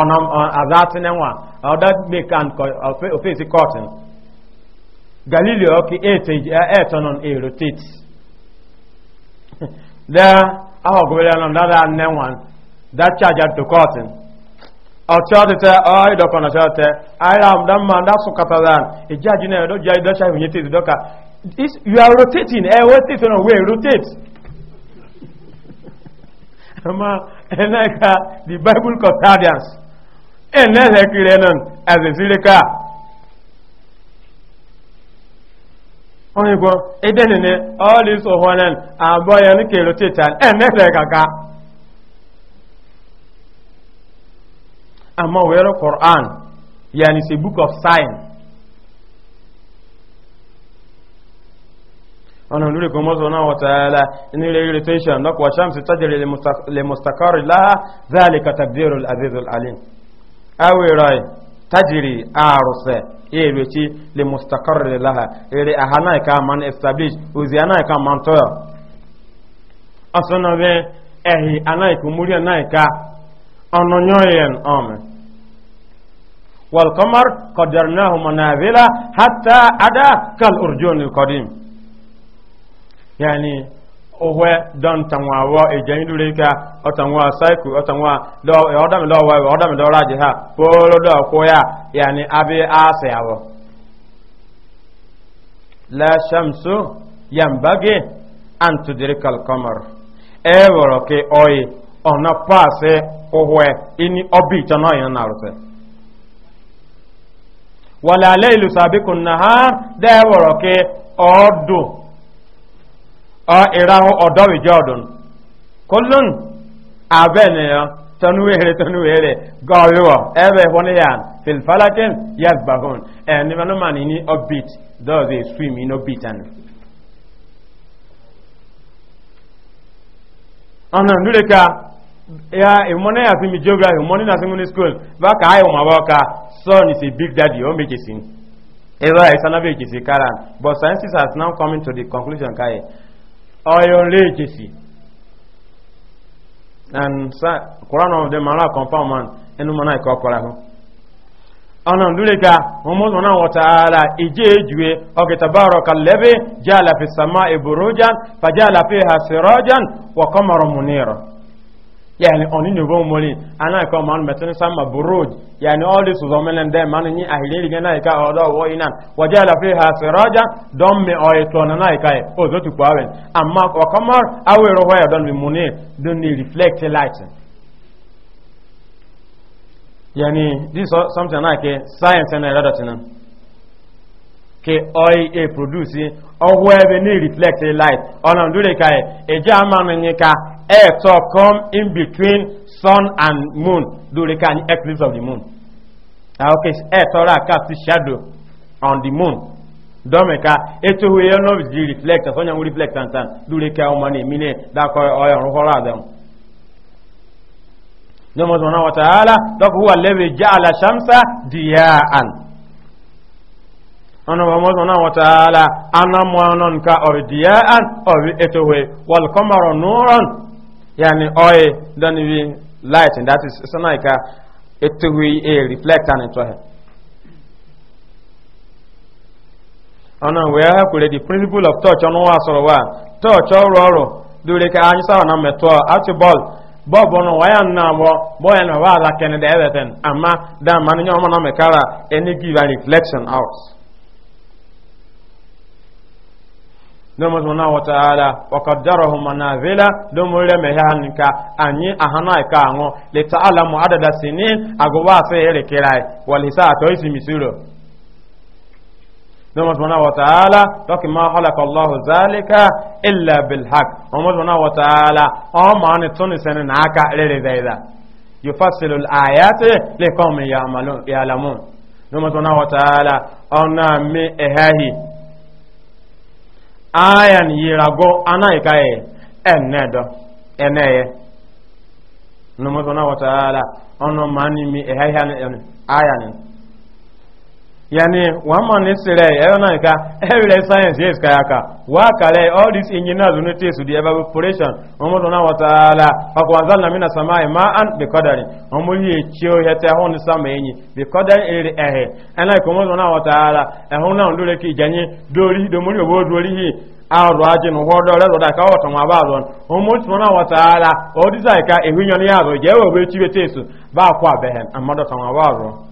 [SPEAKER 1] on on azat nenwa or that they can office uh, cotton galileo ki ete eh, e eh, tono e rotate there aho gobele no another nenwa that charger to cotton ọ̀tíọ́tẹ̀tẹ̀ ọ̀ìdọ̀kọ̀nà ṣọ́tẹ̀ àìràmdánmà dásùkàtàdàn ìjájú náà ẹ̀dọ́ jẹ́ ìdọ́ṣà ìwòye tí ìdọ́ka you are rotating ẹ eh, rotate on way rotate ẹ̀mà ẹ̀nẹ́ka the bible custodians ẹ̀nẹ́sẹ̀kiri ẹ̀nàn àzẹ̀síríkà ọ̀nìgbọ́n ẹ̀dẹ́nìní all this ọ̀hún ẹ̀nà àbọ̀yẹ̀ ní kèrò tètè ẹ̀nẹ́sẹ̀ kàkà ama wɛrɛ Quran yani it's a book of science ana nuri kuma zona wa ta'ala in le rotation na kuwa shamsi tajri li mustaqarr laha zalika taqdiru al-aziz al-alim awi rai tajri aruse ebeci li mustaqarr laha ere ahana ka man establish uziana ka man to asana be ehi anai kumuri anai ka أنونيين آمين والقمر قدرناه منازل حتى أدا كالأرجون القديم يعني ohwe don tanwa wo ejeyin dure ka otanwa saiku otanwa do e odam do wa e odam do raje ha polo do ko ya yani abi ase yawo la shamsu yambage an tudrika al qamar e woro oyi ona paase uhwe ini obi chano ina naruse wala leilu sabikun nahar deworo ke odu o irahu odowi jodun kullun abeniyo tanuwere tanuwere gọwiwo ebe huniyan filfalakin yasbahun ẹni manumani ni obit dozi swim in obit anu ọ̀nà ndúrẹ́ka Yeah, ya imone ya simi geography imone na singuni school I am a worker. son is a big daddy o make sin ero e sana be kisi but scientists has now coming to the conclusion kai oyo le and quran of the are confirm man enu mana ko kora ho ana nduleka mumo na wa taala ije ejue o ke tabaraka jala fi samaa e burujan fajala fiha sirajan wa qamaran munira yani oni nubo mori ana ko man metin sama buruj yani all this was omen and man ni ahile ri na ka odo wo ina wajala fiha siraja don mi e. o eto na na ka o zo tu kwawen amma ko kamar awero ho ya don mi muni don ni reflect light yani this something like science and another thing ke oil a e produce ọhụụ ebe na reflect light ọ na ndụ dị ka eji e ama n'nyeka ẹ̀ẹ̀tọ̀ come in between sun and moon lórí ká ní eclipse of the moon ah, ok ẹ̀ẹ̀tọ̀ rà ká sí shadow on the moon dọ́mẹ̀ká ètò ìwé yẹn náà di reflect sọ́nyà ń reflect tantan lórí ká ọmọ ní èmi ní dákọ̀ ọ̀yọ̀rún fọ́lá àdéhùn nomo zona wa ta'ala dok huwa alladhi ja'ala shamsa diya'an ana wa mozona wa ta'ala ana mwanon ka or diya'an or etowe wal qamara nuran yani oil don be light and that is sana ka etuwi a reflect an to he ana we have kure the principle of touch on wa soro wa touch oro oro dure ka anyi sa na meto ati ball bob no wa yan na bo bo yan wa la ken de everything ama da man nyo na me kara and give a reflection out domin suna wata ala wakaddarahum manazila domin reme hanka anyi ahana ka anwo le ta'ala mu adada sinin agoba sai ere kirai wal hisa to isi misiro domin suna wata ala toki ma halaka allah zalika illa bil haq domin suna wata ala o ma ni tuni sani na aka rere zaida yufassilu al ayati liqaumin ya'lamun domin suna wata ala ona mi ehahi ayan yirago anaika ye enedo eneye numu subhanahu wa ta'ala ono mani mi ehayhan yani wamman ni sire yayo na ka every science yes ka yaka wa all these engineers no te the evaporation omo na wa taala fa mina samai ma'an bi qadari omo ye chio ya ta hon sama enyi eh, bi qadari na e hon na ndure ki obo dori hi aro aje no ho do re do da ka o ton ba omo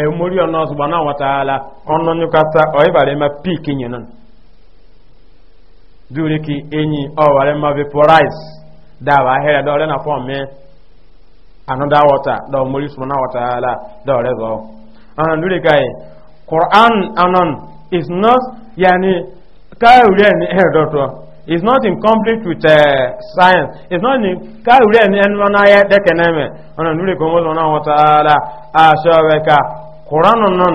[SPEAKER 1] ẹ̀mọ́rí ọ̀nà ọ̀sùgbọ́nà wàtàálà ọ̀nà nyukata ọ̀yẹ́bàrẹ̀ ma píìkì yìnyín dúrí kí ẹ̀yìn ọ̀wàrẹ̀ ma vaporize dáwà ahẹ́rẹ́ dọ́ọ̀rẹ́ na fọ́ọ̀m mi anoda water dọ́ọ̀ mọ́rí ọ̀sùgbọ́nà wàtàálà dọ́ọ̀rẹ́ zọ́ ọ̀nà dúrí ká yìí quran anon is not yanni káyọ̀rẹ́ ni ẹ̀rọ eh, dọ́tọ̀ is not in conflict with uh, science is not in káyọ̀rẹ́ ni ẹnu ọ̀nà ayẹ́ dẹ́kẹ̀ náà mẹ́ ọ̀nà dúrí kọ́ mọ́sùn náà wọ́tàálà aṣọ ẹ̀ka Quran non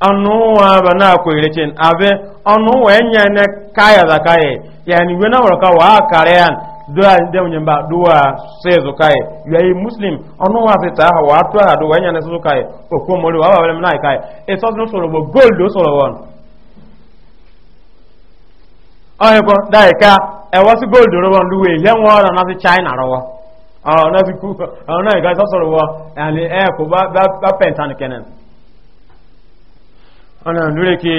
[SPEAKER 1] anuwa bana ko irecin abe anuwa yanya ne kaya da kaya yani wena warka wa karean duwa da dị ba duwa sai zo kaya muslim anuwa fe ta ha wa to ha duwa yanya ne so kaya o ko wa na kaya e so no so gold so ayo ko dai ka e wasi gold duwe wa na na china àwọn náà fi kú àwọn náà ìgbà sọ́sọ̀rọ̀ wọ àlè ẹ̀kọ́ bá pẹ̀ntánì kẹ́nẹ̀ ọ̀nà ìdúró kí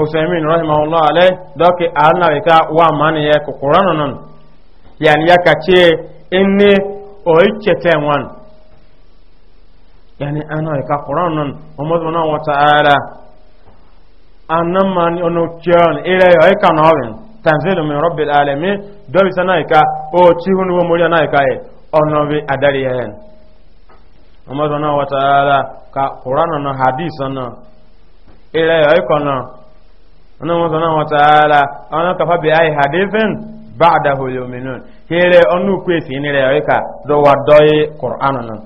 [SPEAKER 1] òsèmí ìrọ̀hìmọ̀ ọlọ́ alẹ́ dọ́kì àánàríkà wà máa yẹ kòkòrò nínú yàní yà kàchí ẹni ọ̀ìkẹtẹ̀ wọn yàní àánàríkà kòrò nínú ọmọdún náà anamani ọ̀nà òkèọ́n ilẹ̀ ọ̀ìkà náà rìn tanzilu mi rọ́bìl alẹ́mí dọ́bìsẹ́ náà ìka ó tí hún wọ́n mórí náà ọ̀nàwé àdáríyà yẹn ọmọdé náà wọ́ta rárá ka kùránà náà hadith náà ilẹ̀ ọ̀ẹ́kọ̀ náà ọmọdé náà wọ́ta rárá ọ̀nà kàfà bí i hadithin bá àdáhù yominu ilẹ̀ ọ̀nà kwèsì nílẹ̀ ọ̀ẹ́kà dọ́wà dọ́yé kùránà náà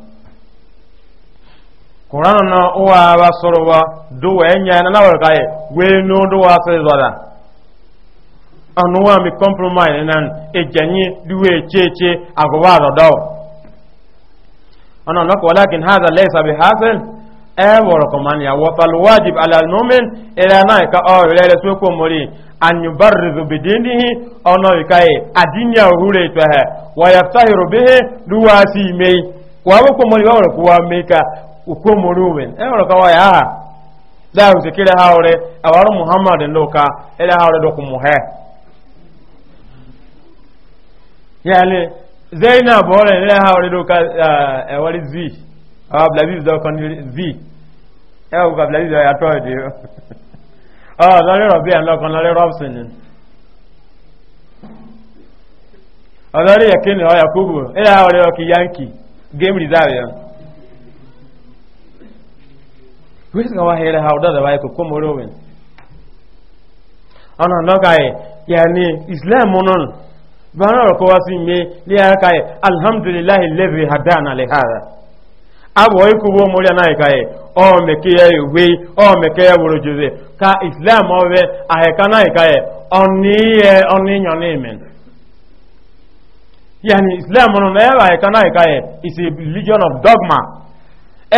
[SPEAKER 1] kùránà náà ó wà wá sọ̀rọ̀ wá dọ́wà ẹ̀yà náà wọ̀rọ̀ káyẹ̀ wẹ́ẹ́ ní ó dọ́wà sọ̀rọ̀ anuwa mi compromise nan ejanyi duwe cheche agoba da dawo ana nako walakin hadha laysa bihasil ewo rokoman ya wa fal wajib ala al mu'min ila na ka o ile so ko mori an yubarrizu bidinihi ono kai adinya hure to he wa yaftahiru bihi duwasi mei wa ko mori wa ko wa meka ko mori wen ewo ka wa ya da usikire haure awaru muhammad ndoka ile haure dokumu he yani zainab wọ́n rẹ̀ ha orí lóka ẹ̀wọ́rí zi ọwọ́ abdulaziz dọ́kan zi ẹ̀wọ́ kọ abdulaziz ọ̀yà tọ́ ìdí ọ lọ́rẹ́ rọ̀bí ẹ̀ lọ́kan lọ́rẹ́ robson ni ọlọ́rẹ́ yẹ̀kínì ọ̀yà kúbù ẹ̀yà ọ̀rẹ́ ọkì yanki game reserve yẹn wíṣí kan wá hẹ́rẹ́ ha ọ̀dọ́ dàbáyé kò kó mọ́rọ́ wẹ̀ ọ̀nà lọ́ka yẹ̀ yani islam oh, náà bana rọ kọwa sí mi ní aka yẹ e, alhamdulilahi lẹ́bi hadana lè hara abọ̀ ikú wo mọ́rí aná ìka yẹ ọ mẹ́kẹ́ yẹ ìwé ọ mẹ́kẹ́ yẹ wòrò jùlọ ka islam ọ̀rẹ́ àhẹ́ká náà ìka yẹ ọ̀ní yẹ ọ̀ní yàn ní ìmẹ̀ yẹni islam ọ̀nà náà ẹ̀rọ àhẹ́ká náà ìka is a religion of dogma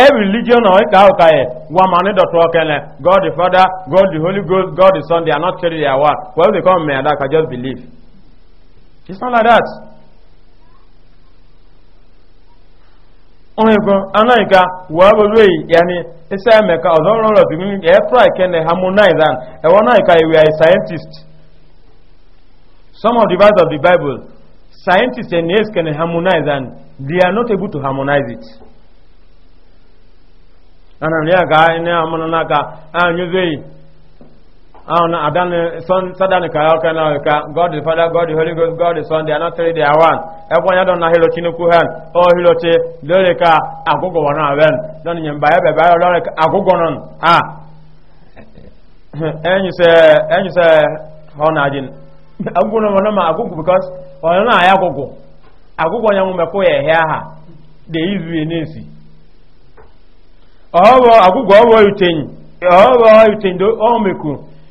[SPEAKER 1] every religion of ìka ọ̀ka yẹ e, wà máa ní dọ̀tọ̀ ọ̀kẹ́lẹ̀ god the father god the holy ghost god the son they are not sharing their are well they come may i just believe. It's not like that. Ọ̀hìnkùn anáìka wà bọ̀lú èyí yẹni iṣẹ́ ẹ̀mẹ̀ka ọ̀dọ́rọ̀ rẹ̀ tìmí ẹ̀ fúra ìkẹ́ni harmonize and ẹ̀wọ̀n náìka we are a scientist. Some of the verses of the Bible, scientists and yes can harmonize and they are not able to harmonize it. Ana ní àga ẹni àmọ́nà náà ka, àyùn zéyìí. Oh, on adan son sadan ka ka god the father god the holy god the son they are not three they are one everyone na hilo chiniku han o oh, hilo che lore ka ah, don nyem ba ebe ba lore ka ha enyi se enyi se honajin agogo wana ah, ah. ma oh, agogo because ona ya agogo agogo nya aha de izu enesi ọwọ agụgụ ọwọ itenyi ọwọ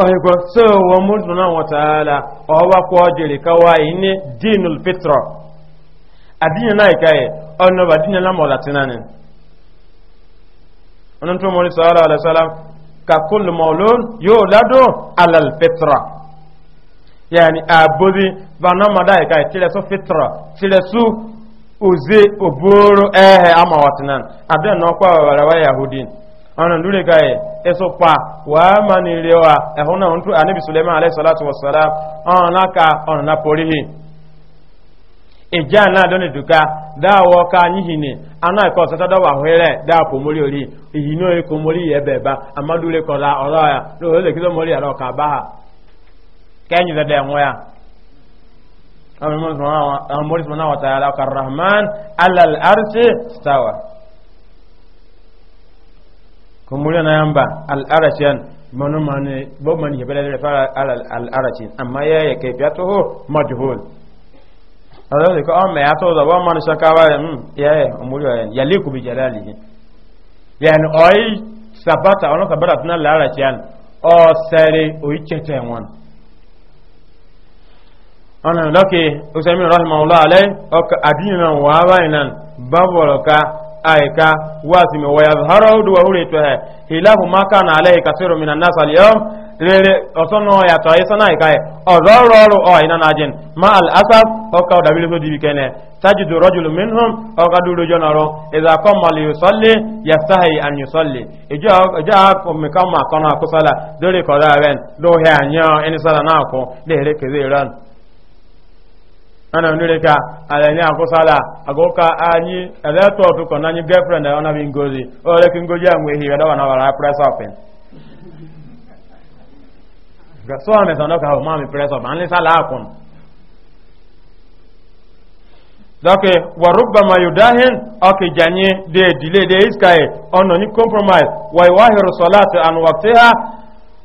[SPEAKER 1] ọ̀hìnkọ̀ tó wọ́n múlùtún náà wọ́n tààlà ọwọ́ kọ́ jẹ́rẹ̀ káwà ní dínul fitra àdínyàn náà ìkáyẹ̀ ọ̀nà bà dínyan lámọ̀ latina ni ọ̀nà tó mọ́rí sọ́ọ́rọ̀ alẹ́sọ́lá kakúlù mọ́lún yóò ládùn alal fitra yàní àbóbi banamada ìkáyẹ̀ tilẹ̀ sọ fitra tilẹ̀ sọ òzé òbóró ẹ̀ẹ́ àmọ̀ wàtina àbẹ́ ọ̀nà ọkọ̀ àwẹ̀wẹ̀rẹ̀ wáyà yahudi ọ̀nà lúrẹ̀ káyẹ̀ ẹ̀sọ́ pa wa mani rewa ehuna untu anabi suleiman alayhi salatu wassalam onaka onna porihi ejana doni duka daa wo ka nyihini ana ko sata da wa hwere da ko ori ihino e ebe amadure ko la oro ya lo le ha da ka rahman alal stawa kumuriya na yan ba al'arashiyan manumani bobman ya bala da fara al'arashin amma ya ya kai fiya toho majhul Allah ne ko amma ya to da bobman shakawa hmm, ya ya ya kumuriya ya ya liku bi jalalihi yani oi sabata ono sabata tuna al'arashiyan o sare o ichete won ana loke usaimin rahimahullah alai o adina wa bainan baboloka aika wasimi wa yadhhara udu wa hure to he hilahu ma kana alayhi kaseeru minan nas al yawm rere osono ya to isa na ikai ororo ro o ina najin ma al asaf o ka da bikene tajidu rajulu minhum o ka jonaro idha qama li yusalli yastahi an yusalli ijo ja ko mi kusala dore ko da ben do he anyo eni sala na ko de re ana nure ka ala ni akusala agoka anyi eleto to kon ni girlfriend ona bi ngozi ole ki ngozi amwe hi wada wana wala press up en ga ame sana ka ma mi press up anle sala akon dake wa rubbama yudahin ake janye de delay de iskae ono ni compromise wa wahiru salati an waqtiha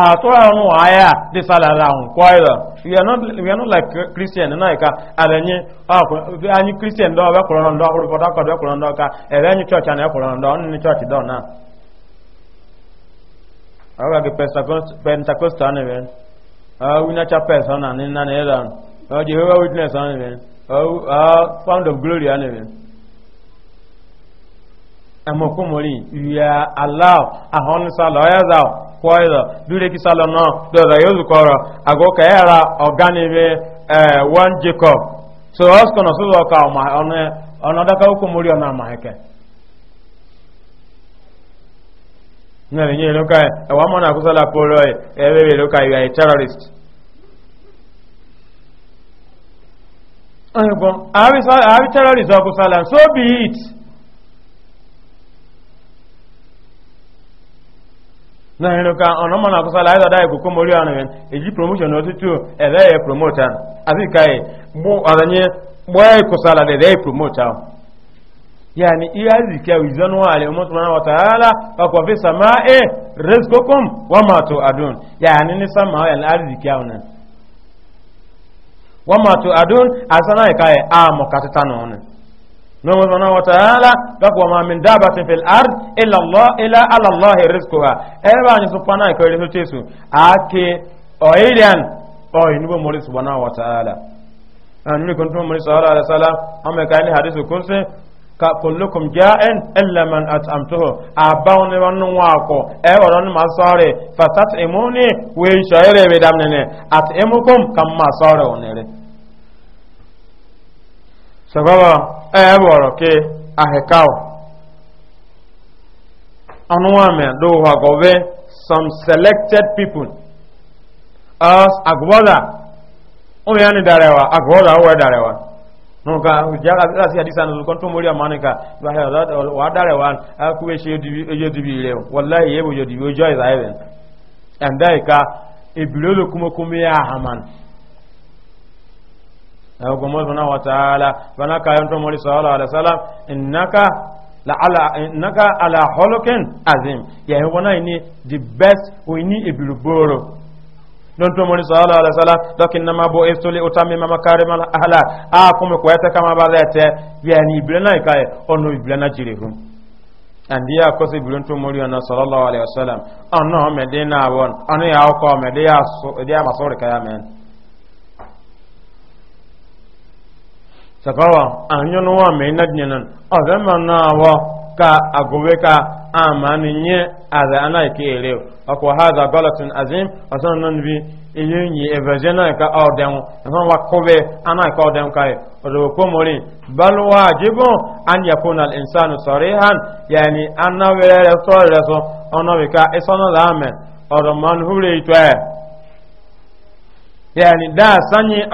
[SPEAKER 1] atọ́rọ̀rún àyà dé sálàrà àwọn kwọ́ìlọ̀ ìyẹnú like christian náà ìka àrẹ̀yìn ọkùnrin ah, christian dọ́ ọ̀bẹ́kùnrin ọ̀dọ́ orúkọ̀dọ́kọ̀dọ́ ọkùnrin ọ̀dọ́ ọ̀ka ẹ̀rẹ́yìn church àná ẹkùnrin ọ̀dọ́ ọ̀nà ní church dọ́ náà ọ̀rọ̀ gẹ̀ pentacostal níbẹ̀ winner chapel sọ́nà ní nánà ẹ̀rọ ah, jehovah witness níbẹ̀ ah, found of glory níbẹ̀ ẹ̀mọ̀kúnmọ̀rí ìyá aláwọ̀ àhọ́nsálọ̀ ọ̀yá kwaida dure ki sala na do da yozu kora ago ka era ogani be eh one jacob so us kono so ka ma ona ona da ka ko muri ona ma heke na le nyelo kai e eh, wa mona kusala poro e be be are a ya terrorist ayo bon abi sa abi terrorist akusala so be it na hinuka ọ̀nà mọ̀nà àkọsá láìsà dáì kòkó mọ̀rí ànà yẹn èyí promotion ọtútù ẹ̀rẹ́ yẹ promoter àti ìkàyè bú àdányẹ bọ́ẹ̀ ìkọsàlà lẹ̀rẹ́ yẹ promoter yàní iya zikẹ́ ìzọ́nù àlẹ́ ọmọ tó máa wọ̀tà rárá ọkọ̀ fi sàmá ẹ̀ rẹ́sikókòm wọ́n máa tó àdùn yàní ní sàmá ẹ̀ láàrìzìkẹ́ ọ̀nà wọ́n máa tó àdùn àsánà ìkàyè àmọ̀ kàtítà náà nomo sana wa ta'ala kako ma min dabatin fil ard illa allah ila ala allah rizquha e ba ni subhana ko le tesu ake oiran o ni bo mori subhana wa ta'ala an ni kon to mori sallallahu alaihi wasallam amma kai ni hadisu kunse ka kullukum ja'in illa man at'amtuhu abaw ni wanu wako e woro ni masare fatat imuni we shaire be damnene at'imukum kam masare onere sababa eboro ke ahekao anuwame do some selected people as agbola omi ani darewa darewa nuka jaga bila si hadisa na bụ muri amanika bahaya zata she ejo dibi leo wallahi yebo ejo dibi ojo agogo subhanahu wa ta'ala bana kayan to mori sallallahu alaihi wasallam innaka la ala innaka ala holokin azim ya he wona ni the best we ni ebiruboro don to mori sallallahu alaihi wasallam lakin nama bo estoli utami mama karima ahla a kuma ko yata kama ba zate ya ni ibrana kai ono ibrana jirehun andi ya kosi bilon to mori na sallallahu alaihi wasallam anno medina won anno ya ko medina so dia masore kaya men sakawa anyonuwa mai nadnyanan ma na awọ ka agobe ka amani nye aza ana ike ere ọkwa ha za galatin azim ọsọ nan bi na ka ọdẹun ẹfọn wa ana ka ọdẹun ka yi mori komori balwa jibon an yakun al insanu sarihan anawere sọrọ rẹ sọ bi ka ẹ da asanyi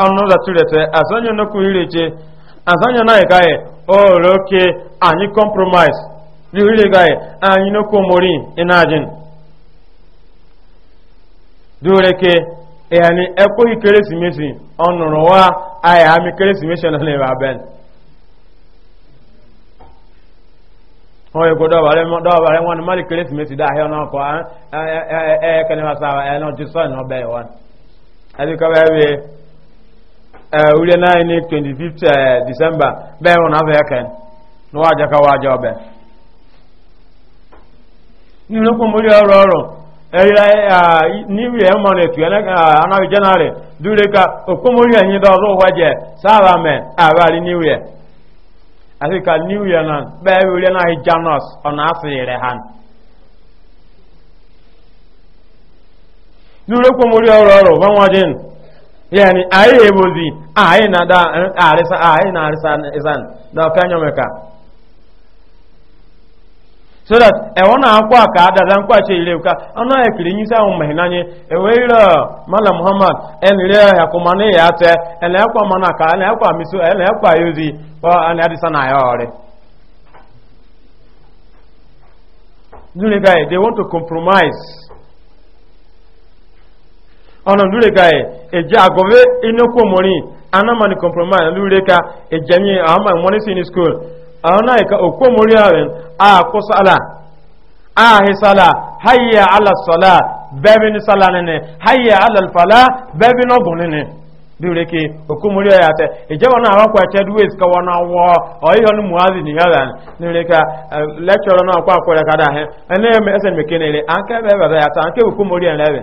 [SPEAKER 1] asanya na ikaye oh, oro ke anyi compromise ni wile gaye anyi no komori inajin dure ke yani e eko keresimesi onuru wa aya ami keresimesi na le ba ben o yego do bare mo do bare won mali keresimesi da he ona ko eh eh eh, eh kenema sawa eh no jiso no be won abi ka be Eh, ule na ni 25 eh, December be wona be ken no waja ka waja obe ni lo ko ọrụ ri oro oro eh, ni wi e mo ne tu ene ana wi ka o mo ri anyi do ro waje sala me abari ah, ni wi e ati ka ni na be wi Janus ona yani ayi ebozi ayi na da arisa ayi na arisa izan da kanyo meka so that e wona akwa ka adada nkwa che ile ka ana ekiri nyi sa umma hinanye e weira mala muhammad en re ya kuma ne ya te en le kwa mana ka en le kwa misu en le kwa yuzi ko an adisa na yore dule guy they want to compromise ọ̀nà lúre ka ẹ̀ ẹ̀jẹ̀ àgọ́wé inú kò mọ́rin anamani compromise lúre ka ẹ̀jẹ̀ àwọn ọmọ ní sinmi school àwọn náà ẹ̀ka òkú mọ́rin ààrẹ àkó sálà àhì sálà hayẹ àlà sọlá bẹ́ẹ̀bí ní sálà nínú hayẹ àlà fàlà bẹ́ẹ̀bí ní ọ̀gùn nínú lúre ke òkú mọ́rin ààrẹ àtẹ ẹ̀jẹ̀ wọn náà àwọn kọ̀ ẹ̀tẹ́ dúwé ìsìkà wọn náà wọ ọ̀yíyọ ní muhazi ní yàrá lúre ka lẹ́kṣọ̀rọ̀ náà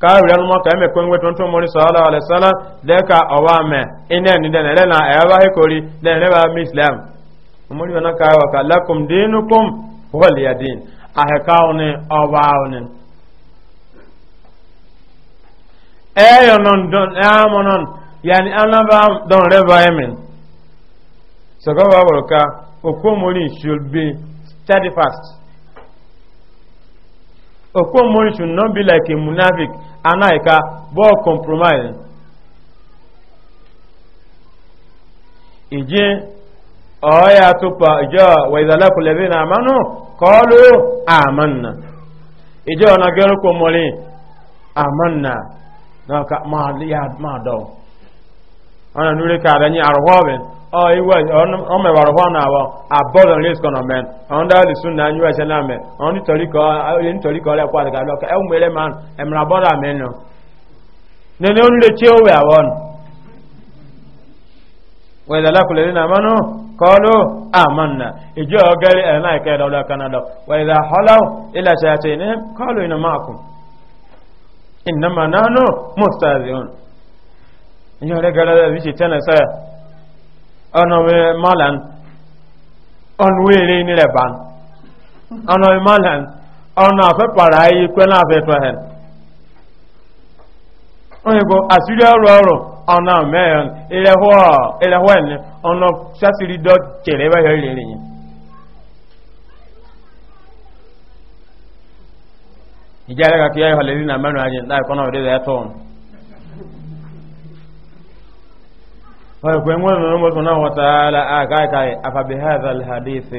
[SPEAKER 1] kawiran mo ka me ko ngwe ton ton mo ni sallallahu alaihi wasallam de ka awame ina ni de na e ba he kori de ne ba islam mo ni na ka wa lakum dinukum wal yadin a he ka oni awawne e non don e non yani ana ba don re ba yemin so ka ba ka o ko mo should be steadfast okomori should not be like a munafik anaika ball compromise ìjì ọ̀ọ́yà tupa ìjọ wàìzàlákùlẹ̀bí na àmánú kọlu àmánà ìjọ ọ̀nà gẹ́rùkù mọ́lẹ̀ àmánà náà ká máa dọ̀ ana nure ka da ni arhobe o iwa o me warho na wo abodo le sko men on da le sunna ni wa sala me on ni tori ko le ni tori ko le kwa ga lo ka e mere man e mra boda men no ne ne on le che o we awon wa la la kulli na manu qalu amanna ijo ogere e na ke da lo kana do wa idha halaw ila shayatin qalu inna ma'akum innama nanu mustaziyun yore gara da bishi tana sa ana me malan on were ni le ban ana me malan ana fe parai ko na fe to hen onye go asiri ọrụ ọrụ ọna meyon ilehwa ilehwa ni ọna sasiri do kere ba yo ilere yin ijare ka kiyaye halilina manu ajin da kono de da ton ويقول الله سبحانه وتعالى أكاكا أفبهذا الحديث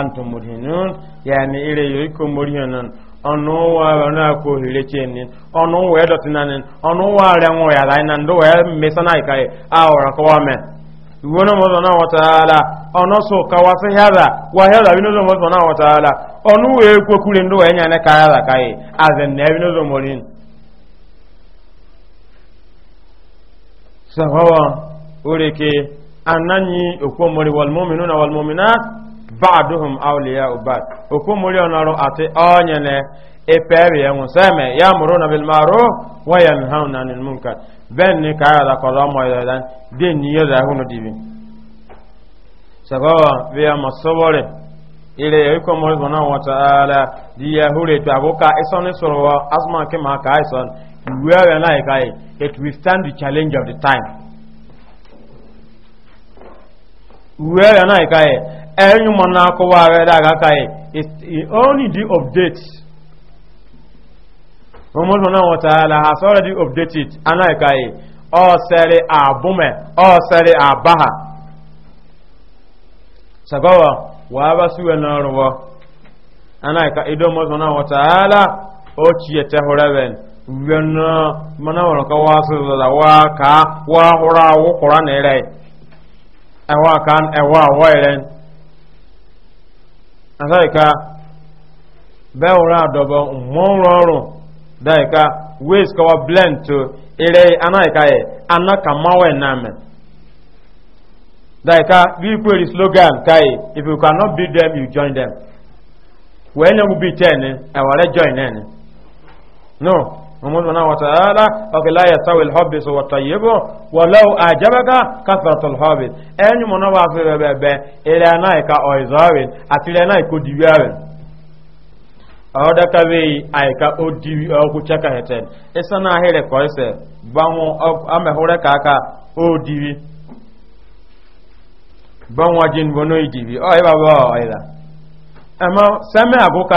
[SPEAKER 1] أنتم مدهنون يعني إلي يكون مدهنون ọnụ ụwa na ya lai na ndị wee mmesa na ika na awọtala ọnụ sọ na awọtala ọnụ ụwa na ureke ananyi okomori walmuminuna walmuminat ba'duhum awliya'u ba'd okomori onaro ate onyene epebe yangu seme yamuruna bil ma'ruf wa yanhauna 'anil munkar benni kaya da qadama yadan denni yada hunu dibi biya wa ta'ala hure to isoni soro asma ke ma ka ison we are like i it withstand the challenge of the time where you na enyi anyone na akọwa where aga kai is only the update Muhammad subhanahu wa ta'ala has already updated ana kai o sere abume o sere abaha sagawa wa ba su na ruwa ana ka ido Muhammad subhanahu wa ta'ala o ciye te horeven wen mana wona ka wasu da wa ka wa hura wo qur'an ne rai ẹwà kan ẹwà àwọ̀ ẹ̀rẹ́n àtàríkà bẹ́ẹ̀rọ àdọ̀bọ̀ mọ́rọrùn dáríkà wíìs kọwọ́ blend to eré anáríkà yẹ anákàmáwẹ̀ nàmẹ̀ dáríkà wípéri slogan káyì if you cannot beat them you join them wẹ́ẹ́nẹ́gùn bíi tẹ́ẹ̀ ni ẹ̀wà rẹ̀ join ẹ̀ ni no ومن سبحانه وتعالى أوك يستوي الحبس والطيب ولو أعجبك كثرة الحبس أن من وافر بابا إلى نايك أوزاوين أتلى نايك ديوين ọdọ kabe aika odiwi ọkụ chaka heten isa na ahịrị ka ise ka bụ ọ ịla ama sẹmẹ abụka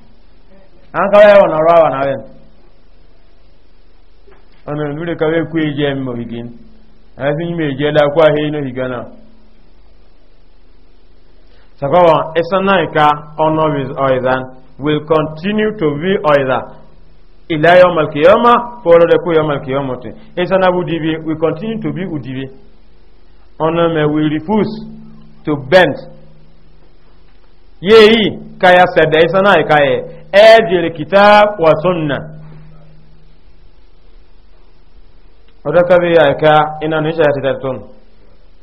[SPEAKER 1] an kawai yawon rawa na wen ana nure kawai ku eje mi mo a fi yi mai jela kwa he no higana sakawa esanaika honor with oizan will continue to be oizan ila yawm al-qiyamah follow the ku yawm al-qiyamah tin will continue to be udibi honor me will refuse to bend yeyi kaya sada esana ikaye ejere kitab wa sunna ọdọ́kọ́ bí àìká iná ní ṣe àti tẹ̀tún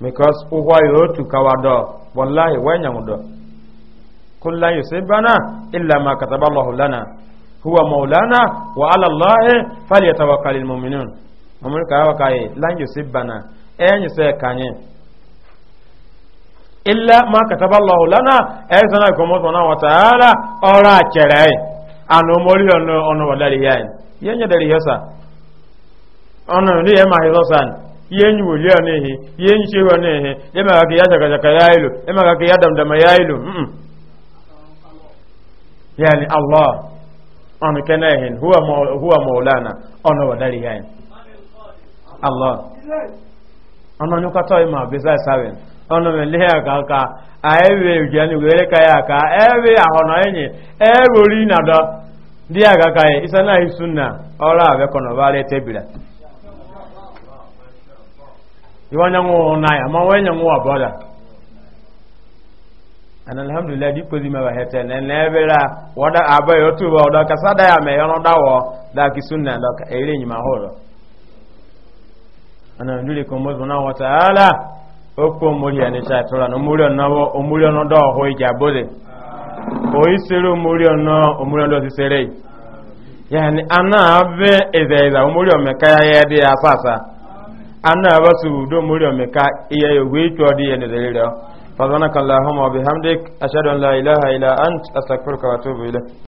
[SPEAKER 1] because ugbo yóò tù káwàdọ̀ wọláyé wẹ́nyàmùdọ̀ kó láyé sí bánà ilẹ̀ ma kàtàbà lọ́hùlánà huwa maulana wa alallahi fàlẹ̀ tàwàkàlì mọ̀mìnì mọ̀mìnì káwàkàyè láyé sí bánà ẹ̀yìn sẹ́ kanye. illa ma kataballahu lana ezana ikomoto na wataala ora chere anu mori ono ono wadari yan yenye dari yosa ono ni ema hizosan yenye wuli ono ehi yenye chewa ono ehi ema kaki ya chaka chaka ya ilu ema kaki ya damdama ya ilu mm -mm. yani Allah ono kena ehi huwa, huwa maulana ono wadari yan Allah ono nyukatoi ma bizai sawen ọnụ mele ya ka ka aewe ujani were ka ya ka ewe ahọnọ enyi ewori na dọ ndị ya ka ka isa na isu na ọrụ a wekọ na ọbara etebira iwe onye nwụ na ya ma onye nwụ ọbọla and alhamdulillah di kozi ma bahete ne ne bera wada aba yo tu ba wada kasada ya me yono dawo da ki sunna da ka ere nyima horo ana ndule ko mo wa ta'ala oko muri ani shaitora no muri ono wo omuri ono do ho ijabode o isere omuri ono omuri ono sisere yani ana ave ezeza omuri omeka ya de afasa ana abasu do omuri omeka iye yowe chodi ye nezerero فضلك اللهم وبحمدك أشهد أن لا إله إلا أنت أستغفرك وأتوب إليك